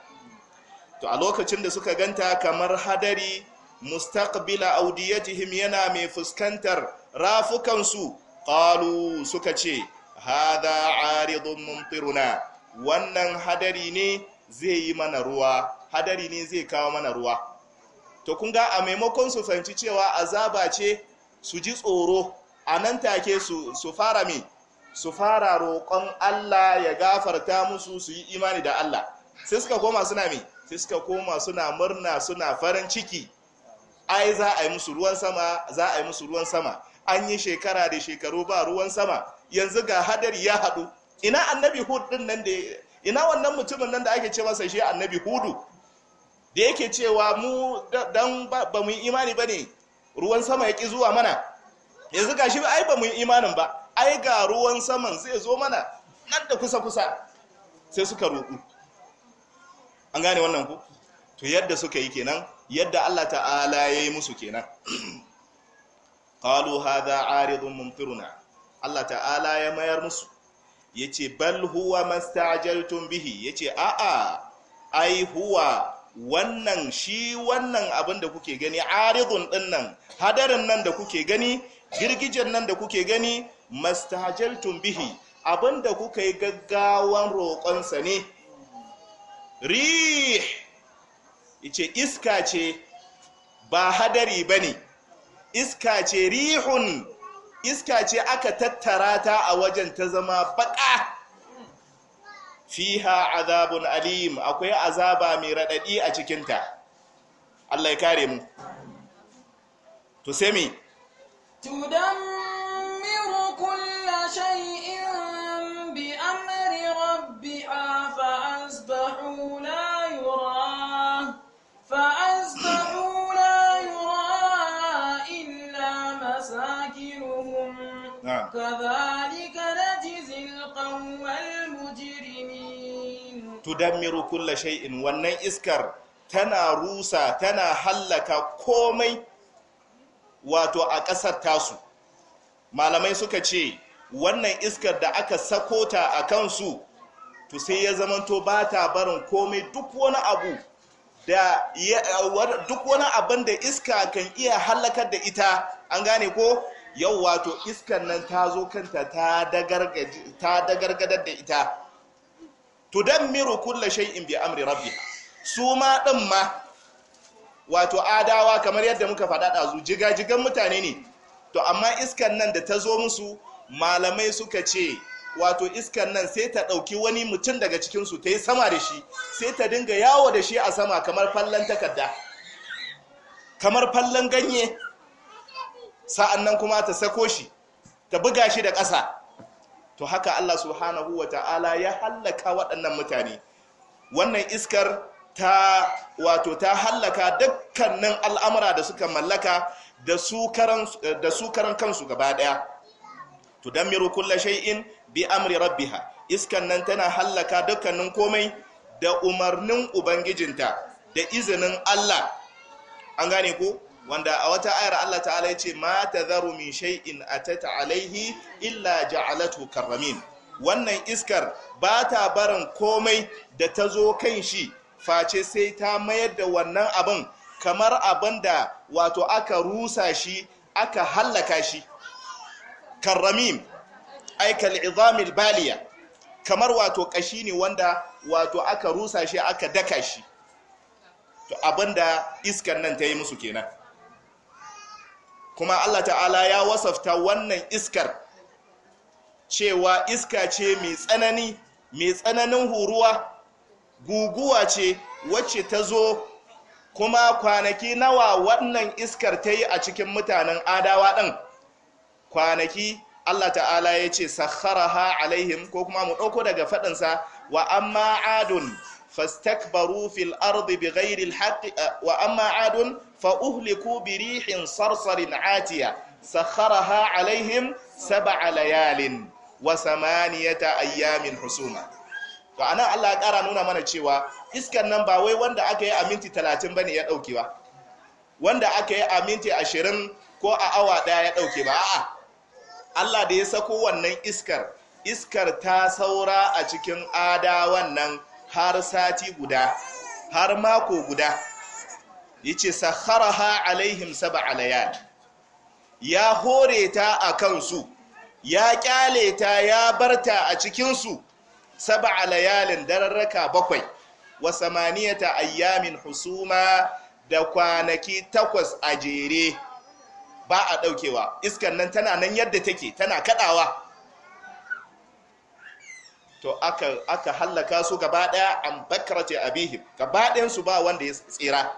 to a lokacin da suka ganta kamar hadari mustaqbila audiyatihim yana mai fuskantar rafukansu ƙalu suka ce hada aridun mumtiruna wannan hadari ne zai yi mana ruwa hadari ne zai kawo mana ruwa to kun ga a maimakon su fahimci cewa azaba ce su ji tsoro a nan take su fara mai su fara roƙon Allah ya gafarta musu su yi imani da Allah sai suka koma suna mai sai suka koma suna murna suna farin ciki ai za a yi musu ruwan sama za a yi musu ruwan sama an yi shekara da shekaru ba ruwan sama yanzu ga hadari ya haɗu ina annabi hud din nan da ina wannan mutumin nan da ake ce masa shi annabi hudu da yake cewa mu dan ba mu imani ba ne ruwan sama ya ƙi zuwa mana yanzu ga shi ai ba mu yi imanin ba ai ga ruwan saman zai zo mana nan da kusa-kusa sai suka roƙu an gane wannan ku to yadda suka yi kenan yadda allah ta'ala ya yi musu kenan qalu hadha aridun mumtiruna Allah ta'ala ya mayar musu yace bal huwa mastajaltum bihi yace a'a ai huwa wannan shi wannan abin da kuke gani aridun dinnan hadarin nan da kuke gani girgijen nan da kuke gani mastajaltum bihi abin da kuka yi gaggawan roƙonsa ne rih yace iska ce ba hadari bane iska ce rihun iska ce aka tattara ta a wajen ta zama baka fiha azabun alim akwai azaba mai raɗaɗi a cikinta Allah ya kare mu to sai mi tudammiru kullu shay'in tudammiru kulla shay'in wannan iskar tana rusa tana hallaka komai wato a ƙasar tasu malamai suka ce wannan iskar da aka sakota a kansu to sai ya zamanto ba ta barin komai duk wani abu da duk wani abin da iska kan iya hallakar da ita an gane ko yau wato iskar nan ta zo kanta ta dagargadar da ita tudammiru kulla in bi amri rabbiha su ma din ma wato adawa kamar yadda muka faɗa ɗazu jigajigan mutane ne to amma iskan nan da ta zo musu malamai suka ce wato iskan nan sai ta ɗauki wani mutum daga cikinsu ta yi sama da shi sai ta dinga yawo da shi a sama kamar fallon takarda kamar fallon ganye sa'an nan kuma ta sako shi ta buga shi da ƙasa to haka Allah subhanahu wa ta'ala ya hallaka waɗannan mutane wannan iskar ta wato ta hallaka dukkanin al'amura da suka mallaka da su karan kansu gaba ɗaya to don miru kulla shay'in bi amri rabbiha iskan nan tana hallaka dukkanin komai da umarnin ubangijinta da izinin Allah an gane ko wanda a wata ayar Allah ta'ala ya ce ma tadharu min shay'in atata alaihi illa ja'alatu karramin wannan iskar ba ta barin komai da ta zo kan shi face sai ta mayar da wannan abin kamar abin da wato aka rusa shi aka hallaka shi karramim aikal izamil baliya kamar wato kashi ne wanda wato aka rusa shi aka daka shi to abin da iskar nan ta yi musu kenan kuma Allah ta'ala ya wasafta wannan iskar cewa iska ce mai tsanani mai tsananin huruwa guguwa ce wacce ta zo kuma kwanaki nawa wannan iskar ta yi a cikin mutanen adawa ɗin kwanaki Allah ta'ala ya ce sakharaha alaihim ko kuma mu ɗauko daga faɗinsa wa amma adun fastakbaru fil ardi bighairi alhaqi wa ama adun fa uhliku bi rihin sarsarin atiya sakharaha alaihim sab'a layalin wa samaniyata ayyamin husuma to anan Allah ya kara nuna mana cewa iskar nan ba wai wanda aka yi a minti 30 ya dauke ba wanda aka yi a minti 20 ko a awa daya ya dauke ba a'a Allah da ya sako wannan iskar iskar ta saura a cikin ada wannan har sati guda har mako guda Ya ce sakharaha alaihim sab'a layal ya hore ta a kansu ya kyale ta ya barta a cikinsu sab'a layalin dararraka bakwai wa samaniyata ayyamin husuma da kwanaki takwas a jere ba a daukewa iskan nan tana nan yadda take tana kadawa to aka aka hallaka su gaba daya an bakrati abihim gaba su ba wanda ya tsira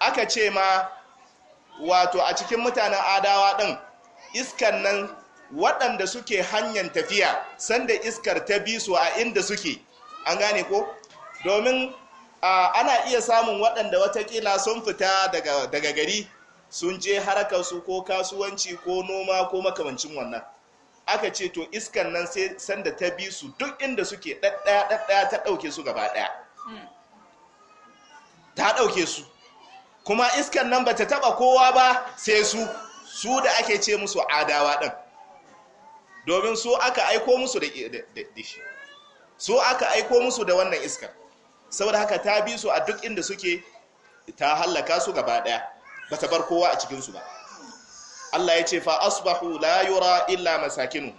aka ce ma wato a cikin mutanen adawa din iskan nan waɗanda suke hanyar tafiya sanda iskar ta bi su a inda suke an gane ko domin ana iya samun waɗanda watakila sun fita daga gari sun je su ko kasuwanci ko noma ko makamancin wannan aka ce to iskan nan sai sanda ta bi su duk inda suke ɗaɗɗaya ɗaɗɗaya ta ɗauke su gaba ɗaya ta ɗauke su kuma iskan nan ba ta taɓa kowa ba sai su su da ake ce musu adawa ɗin domin su aka aiko musu da shi su aka aiko musu da wannan iskar saboda haka ta bi su a duk inda suke ta hallaka su gaba ɗaya ba ta bar kowa a cikinsu ba Allah ya ce fa asbahu la yura illa masakinu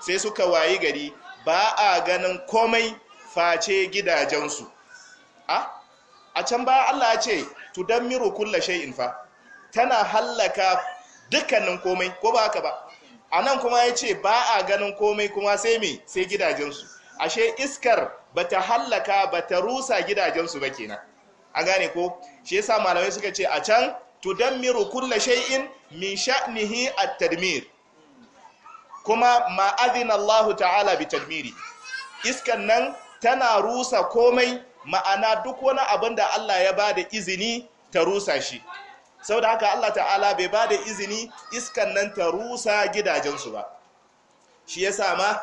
sai suka wayi gari ba a ganin komai face gidajensu a a can ba Allah ya ce tudammiru kulla shay'in fa tana hallaka dukkanin komai ko ba haka ba anan kuma ya ce ba a ganin komai kuma sai me sai gidajensu ashe iskar bata hallaka bata rusa gidajensu ba kenan a gane ko shi yasa malamai suka ce a can tudammiru kulla shay'in min sha'nihi at-tadmir kuma ma Allah ta'ala bi tadmiri iskan nan tana rusa komai ma'ana duk wani abin da Allah ya bada izini ta rusa shi saboda haka Allah ta'ala bai bada izini iskan nan ta rusa gidajensu ba shi yasa ma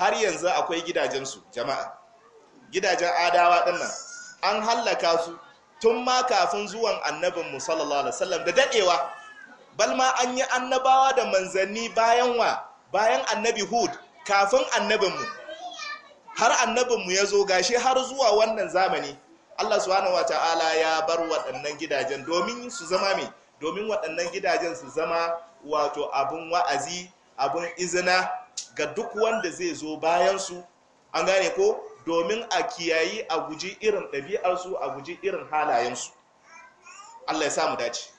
har yanzu akwai gidajensu jama'a gidajen adawa dinnan an hallaka su tun ma kafin zuwan annabinmu sallallahu alaihi wasallam da dadewa balma an yi annabawa da manzanni bayan wa bayan annabi hud kafin annabinmu har annabinmu ya zo gashi har zuwa wannan zamani allah subhanahu wata'ala ya bar waɗannan gidajen domin su zama mai domin waɗannan gidajen su zama wato abin wa'azi abin izina ga duk wanda zai zo bayansu an gane ko domin a kiyayi a guji irin ɗabi'arsu a guji irin halayensu allah ya samu dace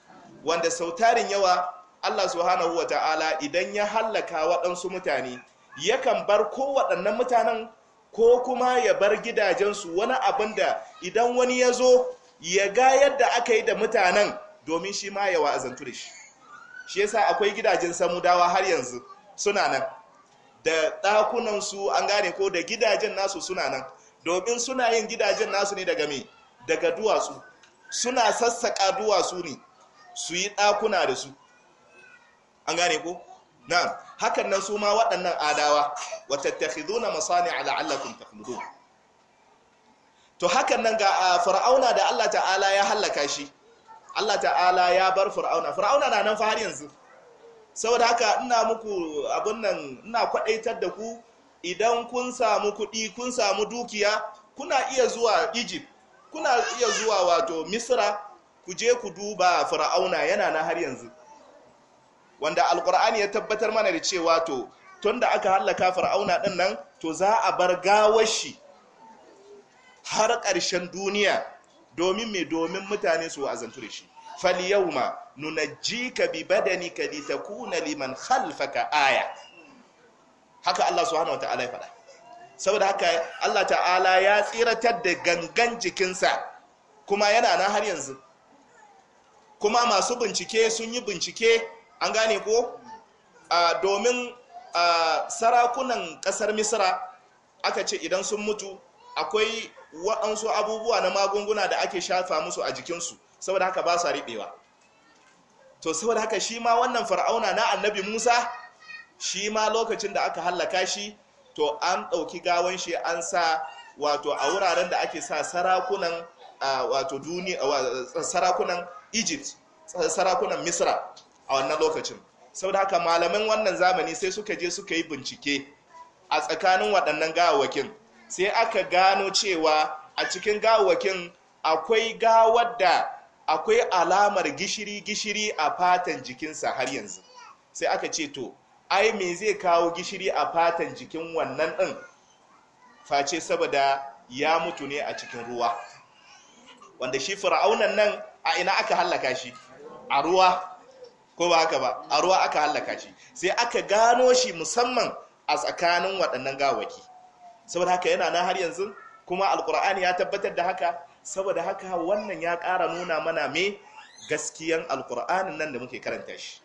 wanda sautarin yawa Allah subhanahu wata'ala idan ya hallaka waɗansu mutane yakan bar ko waɗannan mutanen ko kuma ya bar gidajensu wani abin da idan wani ya zo ya ga yadda aka yi da mutanen domin shi ma yawa a da shi shi yasa akwai gidajen samudawa har yanzu suna nan da ɗakunansu an gane ko da gidajen nasu suna nan domin suna yin gidajen nasu ne daga me daga duwatsu suna sassaƙa duwatsu ne su yi ɗakuna da su an gane ko na hakan nan su ma waɗannan adawa watattakhiduna masani'a la'allakum takhludun to hakan nan ga ah, fir'auna da Allah ta'ala ya hallaka shi Allah ta'ala ya bar fir'auna fir'auna na nan fa har yanzu saboda haka ina muku abin nan ina kwaɗaitar da ku idan kun samu kuɗi kun samu dukiya kuna iya zuwa Egypt kuna iya zuwa wato Misra ku je ku duba fir'auna yana na har yanzu wanda alkur'ani ya tabbatar mana da cewa to tun da aka hallaka fir'auna din nan to za a bar gawashi har ƙarshen duniya domin me domin mutane su azantu da shi falyauma nunajjika bi badanika takuna liman khalfaka aya haka Allah subhanahu wataala ya faɗa saboda haka Allah ta'ala ya tsiratar da gangan jikinsa kuma yana nan har yanzu kuma masu bincike sun yi bincike an gane ko domin sarakunan kasar Misira aka ce idan sun mutu akwai waɗansu abubuwa na magunguna da ake shafa musu a jikinsu saboda haka ba su riɓewa to saboda haka shi ma wannan fir'auna na annabi musa shi ma lokacin da aka hallaka shi to an ɗauki gawan shi an sa wato a wuraren da ake sa sarakunan egypt sarakunan misra a wannan lokacin saboda haka malamin wannan zamani sai suka je suka yi bincike a tsakanin waɗannan gawakin sai aka gano cewa a cikin gawakin akwai gawar da akwai alamar gishiri-gishiri a fatan jikinsa har yanzu sai aka ce to ai me zai kawo gishiri a fatan jikin wannan ɗin face saboda ya mutu ne a cikin ruwa wanda shi fir'aunan nan a ina aka hallaka shi a ruwa ko ba haka ba a ruwa aka hallaka shi sai aka gano shi musamman a tsakanin waɗannan gawaki saboda haka yana nan har yanzu kuma alkur'ani ya tabbatar da haka saboda haka wannan ya ƙara nuna mana me gaskiyan alkur'anin nan da muke karanta shi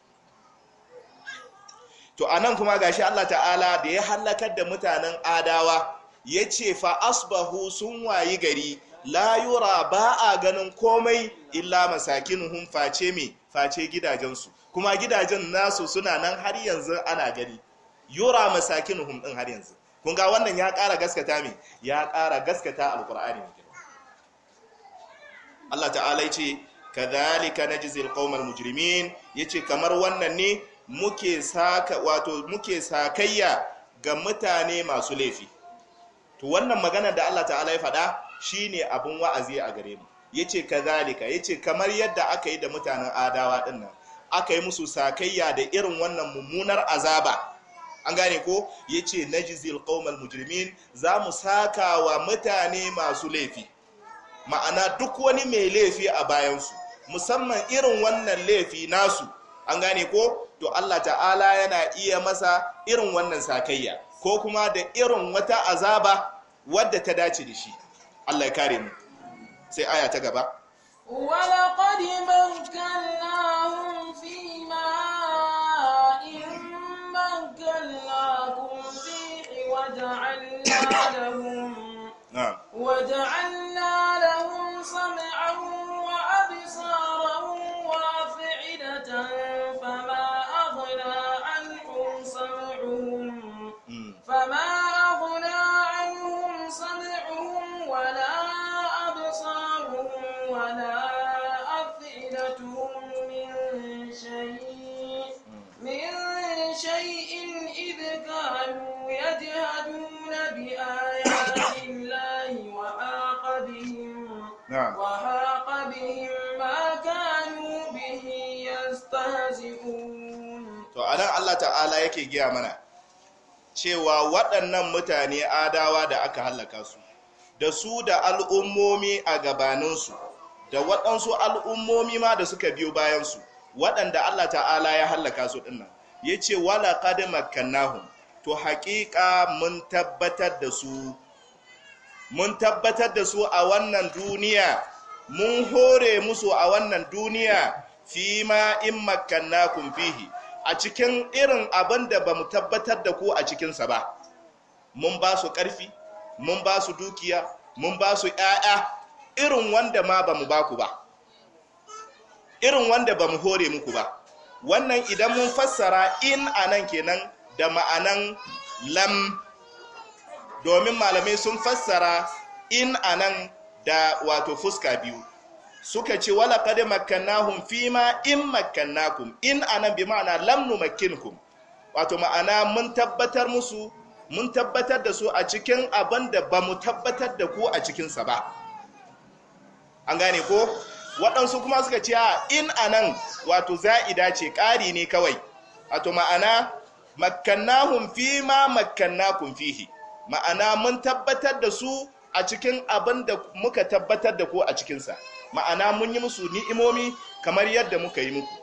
to anan kuma gashi Allah ta'ala da ya hallakar da mutanen adawa ya ce fa asbahu sun wayi gari la yura ba a ganin komai illa masakinuhum face mai face gidajensu kuma gidajen nasu suna nan har yanzu ana gani yura masakinuhum din har yanzu kun ga wannan ya ƙara gaskata me ya ƙara gaskata alqur'ani Allah ta'ala yace kadhalika najzil qaumal mujrimin yace kamar wannan ne muke saka wato muke sakayya ga mutane masu laifi to wannan maganar da Allah ta'ala ya faɗa shine abin wa'azi a gare mu yace kazalika yace kamar yadda aka yi da mutanen adawa din nan aka yi musu sakayya da irin wannan mummunar azaba an gane ko yace najzil qaumal mujrimin za mu saka wa mutane masu laifi ma'ana duk wani mai laifi a bayansu musamman irin wannan laifi nasu an gane ko to Allah ta'ala yana iya masa irin wannan sakayya ko kuma da irin wata azaba wadda ta dace da shi Allah ya kare mu sai aya ta gaba ولقد مكناهم في ماء مكناكم فيه وجعلنا لهم وجعلنا لهم سمعا Allah ta'ala yake giya mana cewa waɗannan mutane adawa da aka hallaka su da su da al'ummomi a gabaninsu da waɗansu al'ummomi ma da suka biyo bayansu waɗanda Allah ta'ala ya hallaka su ɗinnan ya ce wala kada makannahun to haƙiƙa mun tabbatar da su a wannan duniya mun hore musu a wannan duniya fi ma in makannakun fihi a cikin irin abin da ba mu tabbatar da ku a cikinsa ba mun ba su ƙarfi mun ba su dukiya mun ba su ‘ya'ya irin wanda ma ba mu ba ku ba irin wanda ba mu hore muku ba wannan idan mun fassara in a nan kenan da ma'anan lam domin malamai sun fassara in a nan da wato fuska biyu suka ce wala qad makkannahum ma in makkannakum in anan bi ma'ana lam numakkinkum wato ma'ana mun tabbatar musu mun tabbatar da su a cikin abin da ba mu tabbatar da ku a cikinsa ba an gane ko waɗansu kuma suka ce a in anan wato za'ida ce ƙari ne kawai wato ma'ana makkannahum fi ma makkannakum fihi ma'ana mun tabbatar da su a cikin abin da muka tabbatar da ku a cikinsa ma'ana mun yi musu ni'imomi kamar yadda muka yi muku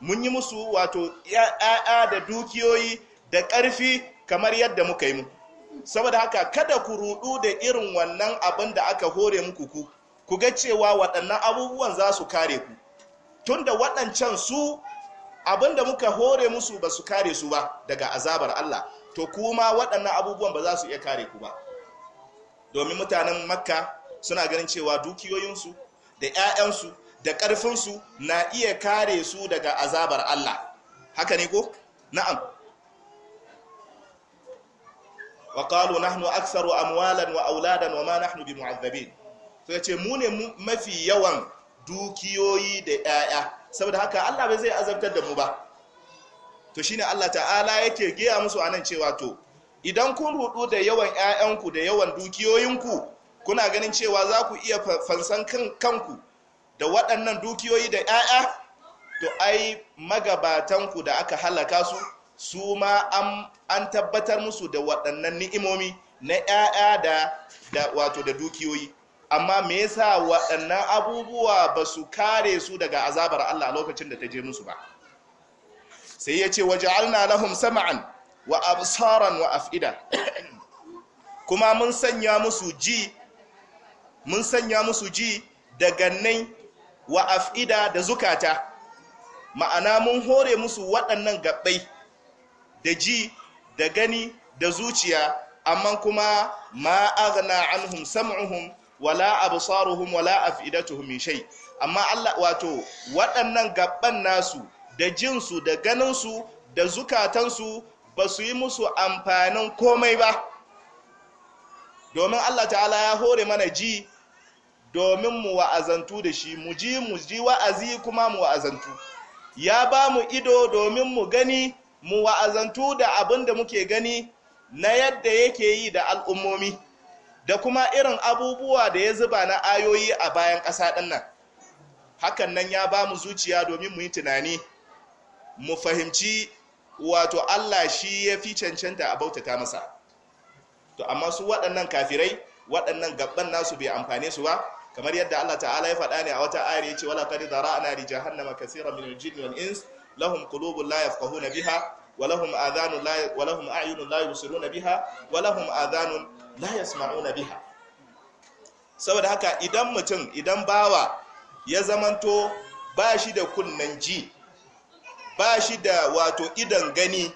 mun yi musu wato ya'ya da dukiyoyi da ƙarfi kamar yadda muka yi muku saboda haka kada ku rudu da irin wannan abin da aka hore muku ku ku ga cewa waɗannan abubuwan za su kare ku tunda waɗancan su abin da muka hore musu ba su kare su ba daga azabar Allah to kuma waɗannan abubuwan ba za su iya kare ku ba domin mutanen makka suna ganin cewa dukiyoyinsu da 'ya'yansu da ƙarfinsu na iya kare su daga azabar Allah haka ne ko na'am wa qalu nahnu aktharu amwalan wa auladan wa ma nahnu bimu'azzabin sai ce mu ne mafi yawan dukiyoyi da 'ya'ya saboda haka Allah bai zai azabtar da mu ba to shine Allah ta'ala yake gaya musu anan cewa to idan kun rudu da yawan 'ya'yanku da yawan dukiyoyinku kuna ganin cewa za ku iya fansan kanku da waɗannan dukiyoyi da 'ya'ya to ai magabatanku da aka halaka su su ma an tabbatar musu da waɗannan ni'imomi na 'ya'ya da wato da dukiyoyi amma me yasa waɗannan abubuwa ba su kare su daga azabar Allah lokacin da ta je musu ba sai ya ce waja'alna lahum sam'an wa absaran wa af'ida kuma mun sanya musu ji mun sanya musu ji da gannai wa af'ida da zukata ma'ana mun hore musu waɗannan gaɓɓai da ji da gani da zuciya amma kuma ma aghna anhum sam'uhum wala absaruhum wala afidatuhum min shay amma Allah wato waɗannan gaɓɓan nasu da jinsu da ganinsu da zukatansu ba su yi musu amfanin komai ba domin Allah ta'ala ya hore mana ji domin mu wa'azantu da shi mu ji mu ji wa'azi kuma mu wa'azantu ya ba mu ido domin mu gani mu wa'azantu da abin da muke gani na yadda yake yi da al'ummomi da kuma irin abubuwa da ya zuba na ayoyi a bayan ƙasa ɗin nan hakan nan ya ba mu zuciya domin mu yi tunani mu fahimci wato Allah shi ya fi cancanta a bautata masa to amma su waɗannan kafirai waɗannan gabban nasu bai amfane su ba kamar yadda Allah ta'ala ya faɗa ne a wata ayar yace wala qad zara'na li jahannama kaseeran min al-jinni wal ins lahum qulubun la yafqahuna biha wa lahum adhanun la wa lahum a'yunun la yubsiruna biha wa lahum adhanun la yasma'una biha saboda haka idan mutum idan bawa ya zamanto ba shi da kunnan ji ba shi da wato idan gani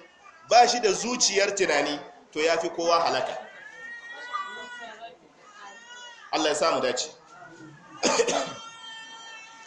ba shi da zuciyar tunani to ya fi kowa halaka Allah ya samu dace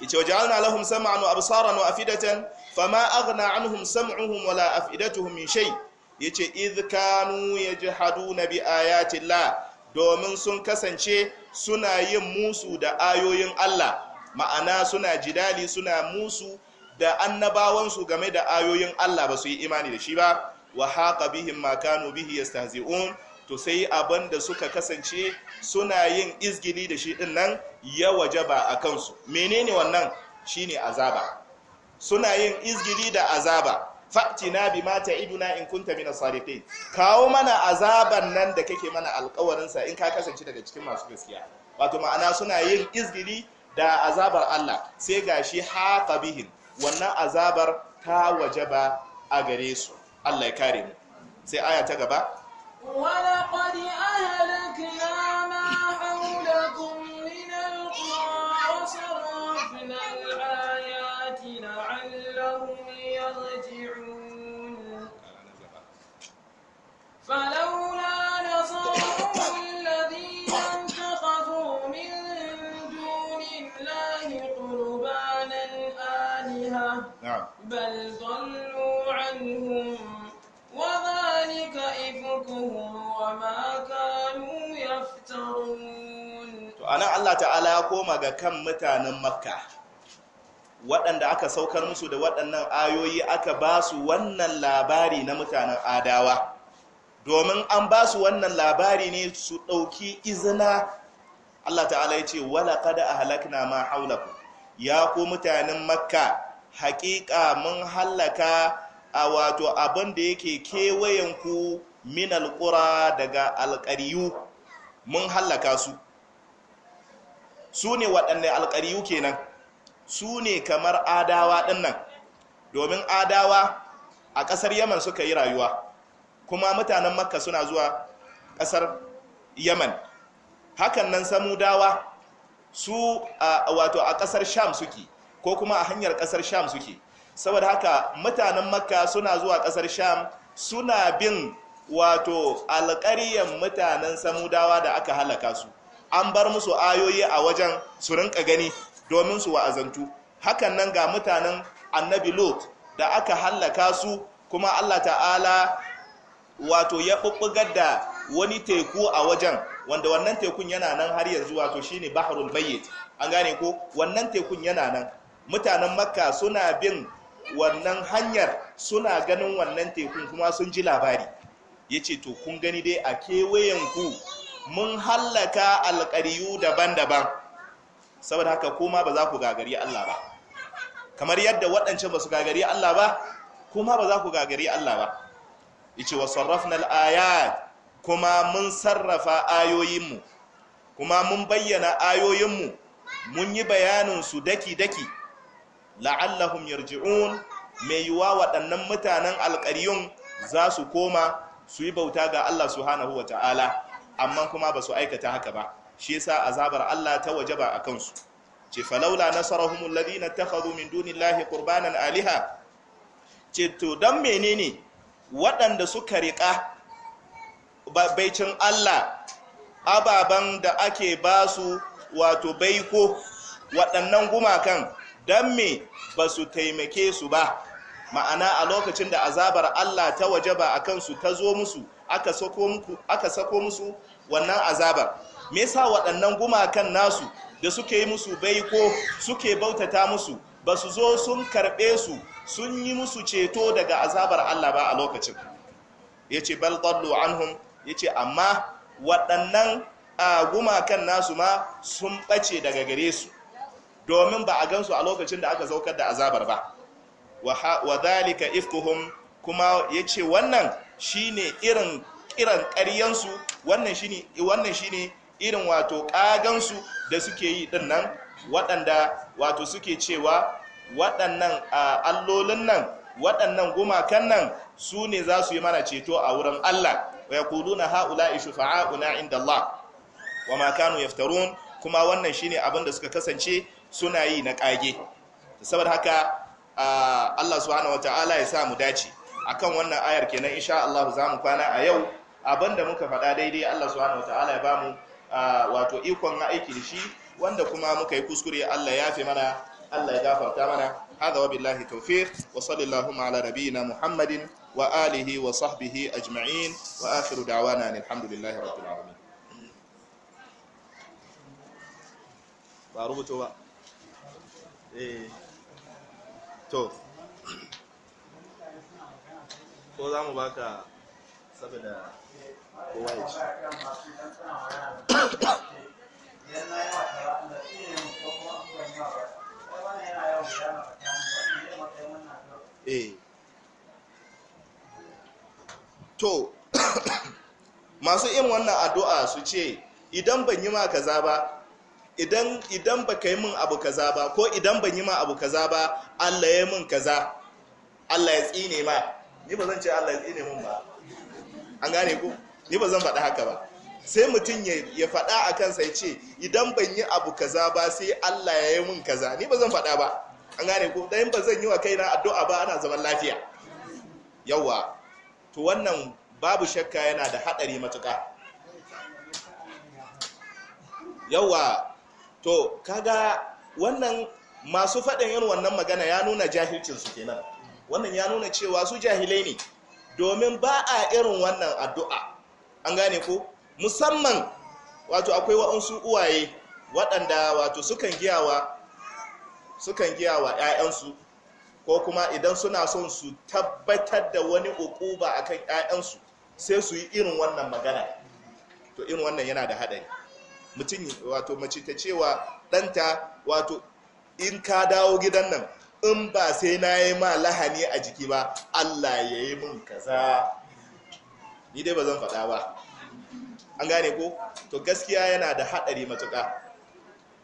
yace waja'alna lahum sam'an wa absaran wa afidatan fama aghna anhum sam'uhum wala afidatuhum min shay yace id kanu yajhaduna bi ayati llah domin sun kasance suna yin musu da ayoyin Allah ma'ana suna jidali suna musu da annabawansu game da ayoyin Allah ba su yi imani da shi ba wa haqa bihim ma kanu bihi yastahzi'un to sai abin da suka kasance suna yin izgili da shi din nan ya waje ba a kansu menene wannan shine azaba suna yin izgili da azaba fa'tina mata ta'iduna in kunta minas sadiqin kawo mana azaban nan da kake mana alƙawarin sa in ka kasance daga cikin masu gaskiya wato ma'ana suna yin izgili da azabar Allah sai gashi haqa bihin wannan azabar ta waje ba a gare su Allah ya kare mu sai aya ta gaba ولقد أهلكنا ما حولكم من القرى وصرفنا الآيات لعلهم يرجعون فلولا نصرهم الذين اتخذوا من دون الله قربانا آلهة نعم. بل ضلوا عنهم إفكهم Allah ta'ala ya koma ga kan mutanen Makka waɗanda aka saukar musu da waɗannan ayoyi aka ba su wannan labari na mutanen adawa domin an ba su wannan labari ne su ɗauki izina Allah ta'ala ya ce wala kada a halakna ma haulaku ya ku mutanen makka haƙiƙa mun hallaka a wato abin da yake kewayen ku min alƙura daga alƙariyu mun hallaka su su ne waɗanne alƙariyu kenan su ne kamar adawa ɗinnan domin adawa a ƙasar yaman suka yi rayuwa kuma mutanen makka suna zuwa ƙasar yaman hakan nan samudawa su a wato a ƙasar sham suke ko kuma a hanyar ƙasar sham suke saboda haka mutanen makka suna zuwa kasar sham suna bin wato alkariyar mutanen samudawa da aka halaka su an bar musu ayoyi a wajen su rinka gani domin su wa'azantu hakan nan ga mutanen annabi lot da aka hallaka su kuma allah ta'ala wato ya ɓuɓɓugar da wani teku a wajen wanda wannan tekun yana nan har yanzu wato shine bahrul bayyit an gane ko wannan tekun yana nan mutanen makka suna bin wannan hanyar suna ganin wannan tekun kuma sun ji labari ya ce to kun gani dai a kewayenku mun hallaka alƙariyu daban-daban saboda haka kuma ba za ku gagari Allah ba kamar yadda waɗancan ba su gagari Allah ba kuma ba za ku gagari Allah ba ya ce wa sarrafna al'ayat kuma mun sarrafa ayoyinmu kuma mun bayyana ayoyinmu mun yi bayaninsu daki-daki la'allahum yarji'un mai yiwa waɗannan mutanen alƙaryun za su koma su yi bauta ga Allah subhanahu wa ta'ala amma kuma ba su aikata haka ba shi yasa azabar Allah ta wajaba a kansu ce falaula nasarahum alladhina takhadhu min dunillahi qurbanan aliha ce to dan menene waɗanda suka riƙa baicin Allah ababen da ake basu wato baiko waɗannan gumakan don me ba su taimake su ba ma'ana a lokacin da azabar Allah ta waje ba a kansu ta zo musu aka sako musu wannan azabar me sa waɗannan gumakan nasu da suke yi musu baiko suke bautata musu ba su zo sun karɓe su sun yi musu ceto daga azabar Allah ba a lokacin ya ce bal an anhum ya ce amma waɗannan gumakan nasu ma sun ɓace daga gare su domin ba a gansu a lokacin da aka saukar da azabar ba wa dhalika ifkuhum kuma yace wannan shine irin kiran ƙaryansu wannan shine wannan irin wato kagansu da suke yi din nan waɗanda wato suke cewa waɗannan allolin nan waɗannan gumakan nan su ne za su yi mana ceto a wurin Allah wa ya kulu na ha'ula ishu fa'a'una inda Allah wa makanu yaftarun kuma wannan shine abin da suka kasance suna yi na kage saboda haka Allah subhanahu wataala ya sa mu dace akan wannan ayar kenan insha Allah za mu kwana a yau abinda muka faɗa daidai Allah subhanahu wataala ya bamu wato ikon aiki da shi wanda kuma muka yi kuskure Allah ya fi mana Allah ya gafarta mana hada wa billahi tawfiq wa sallallahu ala nabiyyina Muhammadin wa alihi wa sahbihi ajma'in wa akhiru da'wana alhamdulillahi rabbil alamin ba rubuto ba eh to ko za mu baka saboda kowa ya ci eh. to masu yin wannan addu'a su ce idan ban yi ma kaza ba idan ba baka yi min abu kaza ba ko idan ban yi ma abu kaza ba Allah ya yi min kaza Allah ya tsine ma ni ba zan ce Allah ya tsine min ba an gane ku ni ba zan faɗi haka ba sai mutum ya faɗa a kansa ya ce idan ban yi abu kaza ba sai Allah ya yi min kaza ni ba zan faɗa ba an gane ku? ɗayan ba zan yi wa kaina addu'a ba ana zaman lafiya Yawwa, to wannan babu shakka yana da haɗari matuƙa Yawwa. to kaga wannan masu faɗin yin wannan magana ya nuna jahilcinsu kenan wannan ya nuna cewa su jahilai ne domin ba a irin wannan addu'a an gane ko musamman wato akwai wa'ansu uwaye waɗanda wato sukan giyawa sukan giyawa 'ya'yansu ko kuma idan suna son su tabbatar da wani ukuba akan 'ya'yansu sai su yi irin wannan magana to irin wannan yana da haɗari mutum wato mace ta cewa ɗanta wato in ka dawo gidan nan in ba sai na yi ma lahani a jiki ba allah ya yi mun kaza ni dai ba zan faɗa ba an gane ko to gaskiya yana da haɗari matuƙa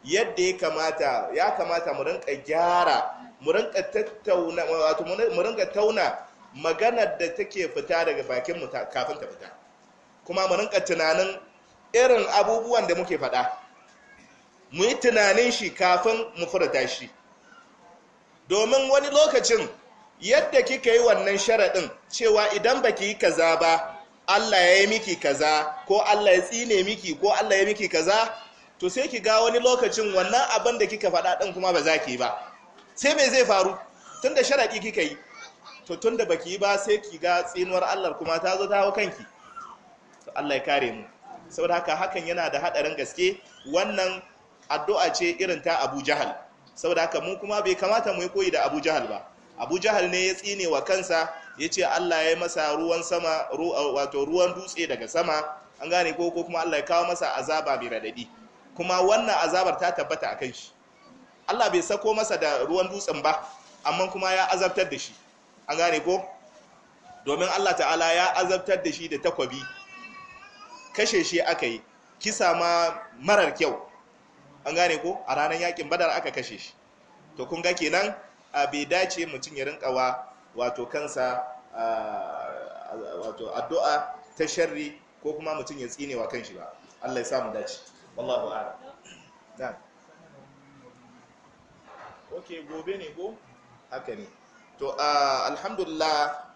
yadda ya kamata ya kamata mu rinka gyara mu rinka tattauna wato mu rinka tauna maganar da take fita daga bakin mu kafin ta fita kuma mu rinka tunanin irin abubuwan da muke faɗa mu yi tunanin shi kafin mu furta shi domin wani lokacin yadda kika yi wannan sharaɗin cewa idan baki yi kaza ba Allah ya yi miki kaza ko Allah ya tsine miki ko Allah ya miki kaza to sai ki ga wani lokacin wannan abin da kika faɗa ɗin kuma ba za ki ba sai me zai faru tun da sharaɗi kika yi to tun da baki yi ba sai ki ga tsinuwar Allah kuma ta zo ta hau kanki to Allah ya kare mu saboda haka hakan yana da hadarin gaske wannan addu'a ce irin ta Abu Jahal saboda haka mu kuma bai kamata mu yi koyi da Abu Jahal ba Abu Jahal ne ya tsine wa kansa ya ce Allah ya masa ruwan sama wato ruwan dutse daga sama an gane ko ko kuma Allah ya kawo masa azaba mai radadi kuma wannan azabar ta tabbata a kan shi Allah bai sako masa da ruwan dutsen ba amma kuma ya azabtar da shi an gane ko domin Allah ta'ala ya azabtar da shi da takwabi kashe shi aka yi kisa ma marar kyau an gane ko a ranar yakin badar aka kashe shi to kun ga kenan a bai dace mutum ya wa wato kansa wato addu'a ta sharri ko kuma mutum ya tsine wa kanshi ba Allah ya sa mu dace wallahu a'lam gobe ne ko haka ne to alhamdulillah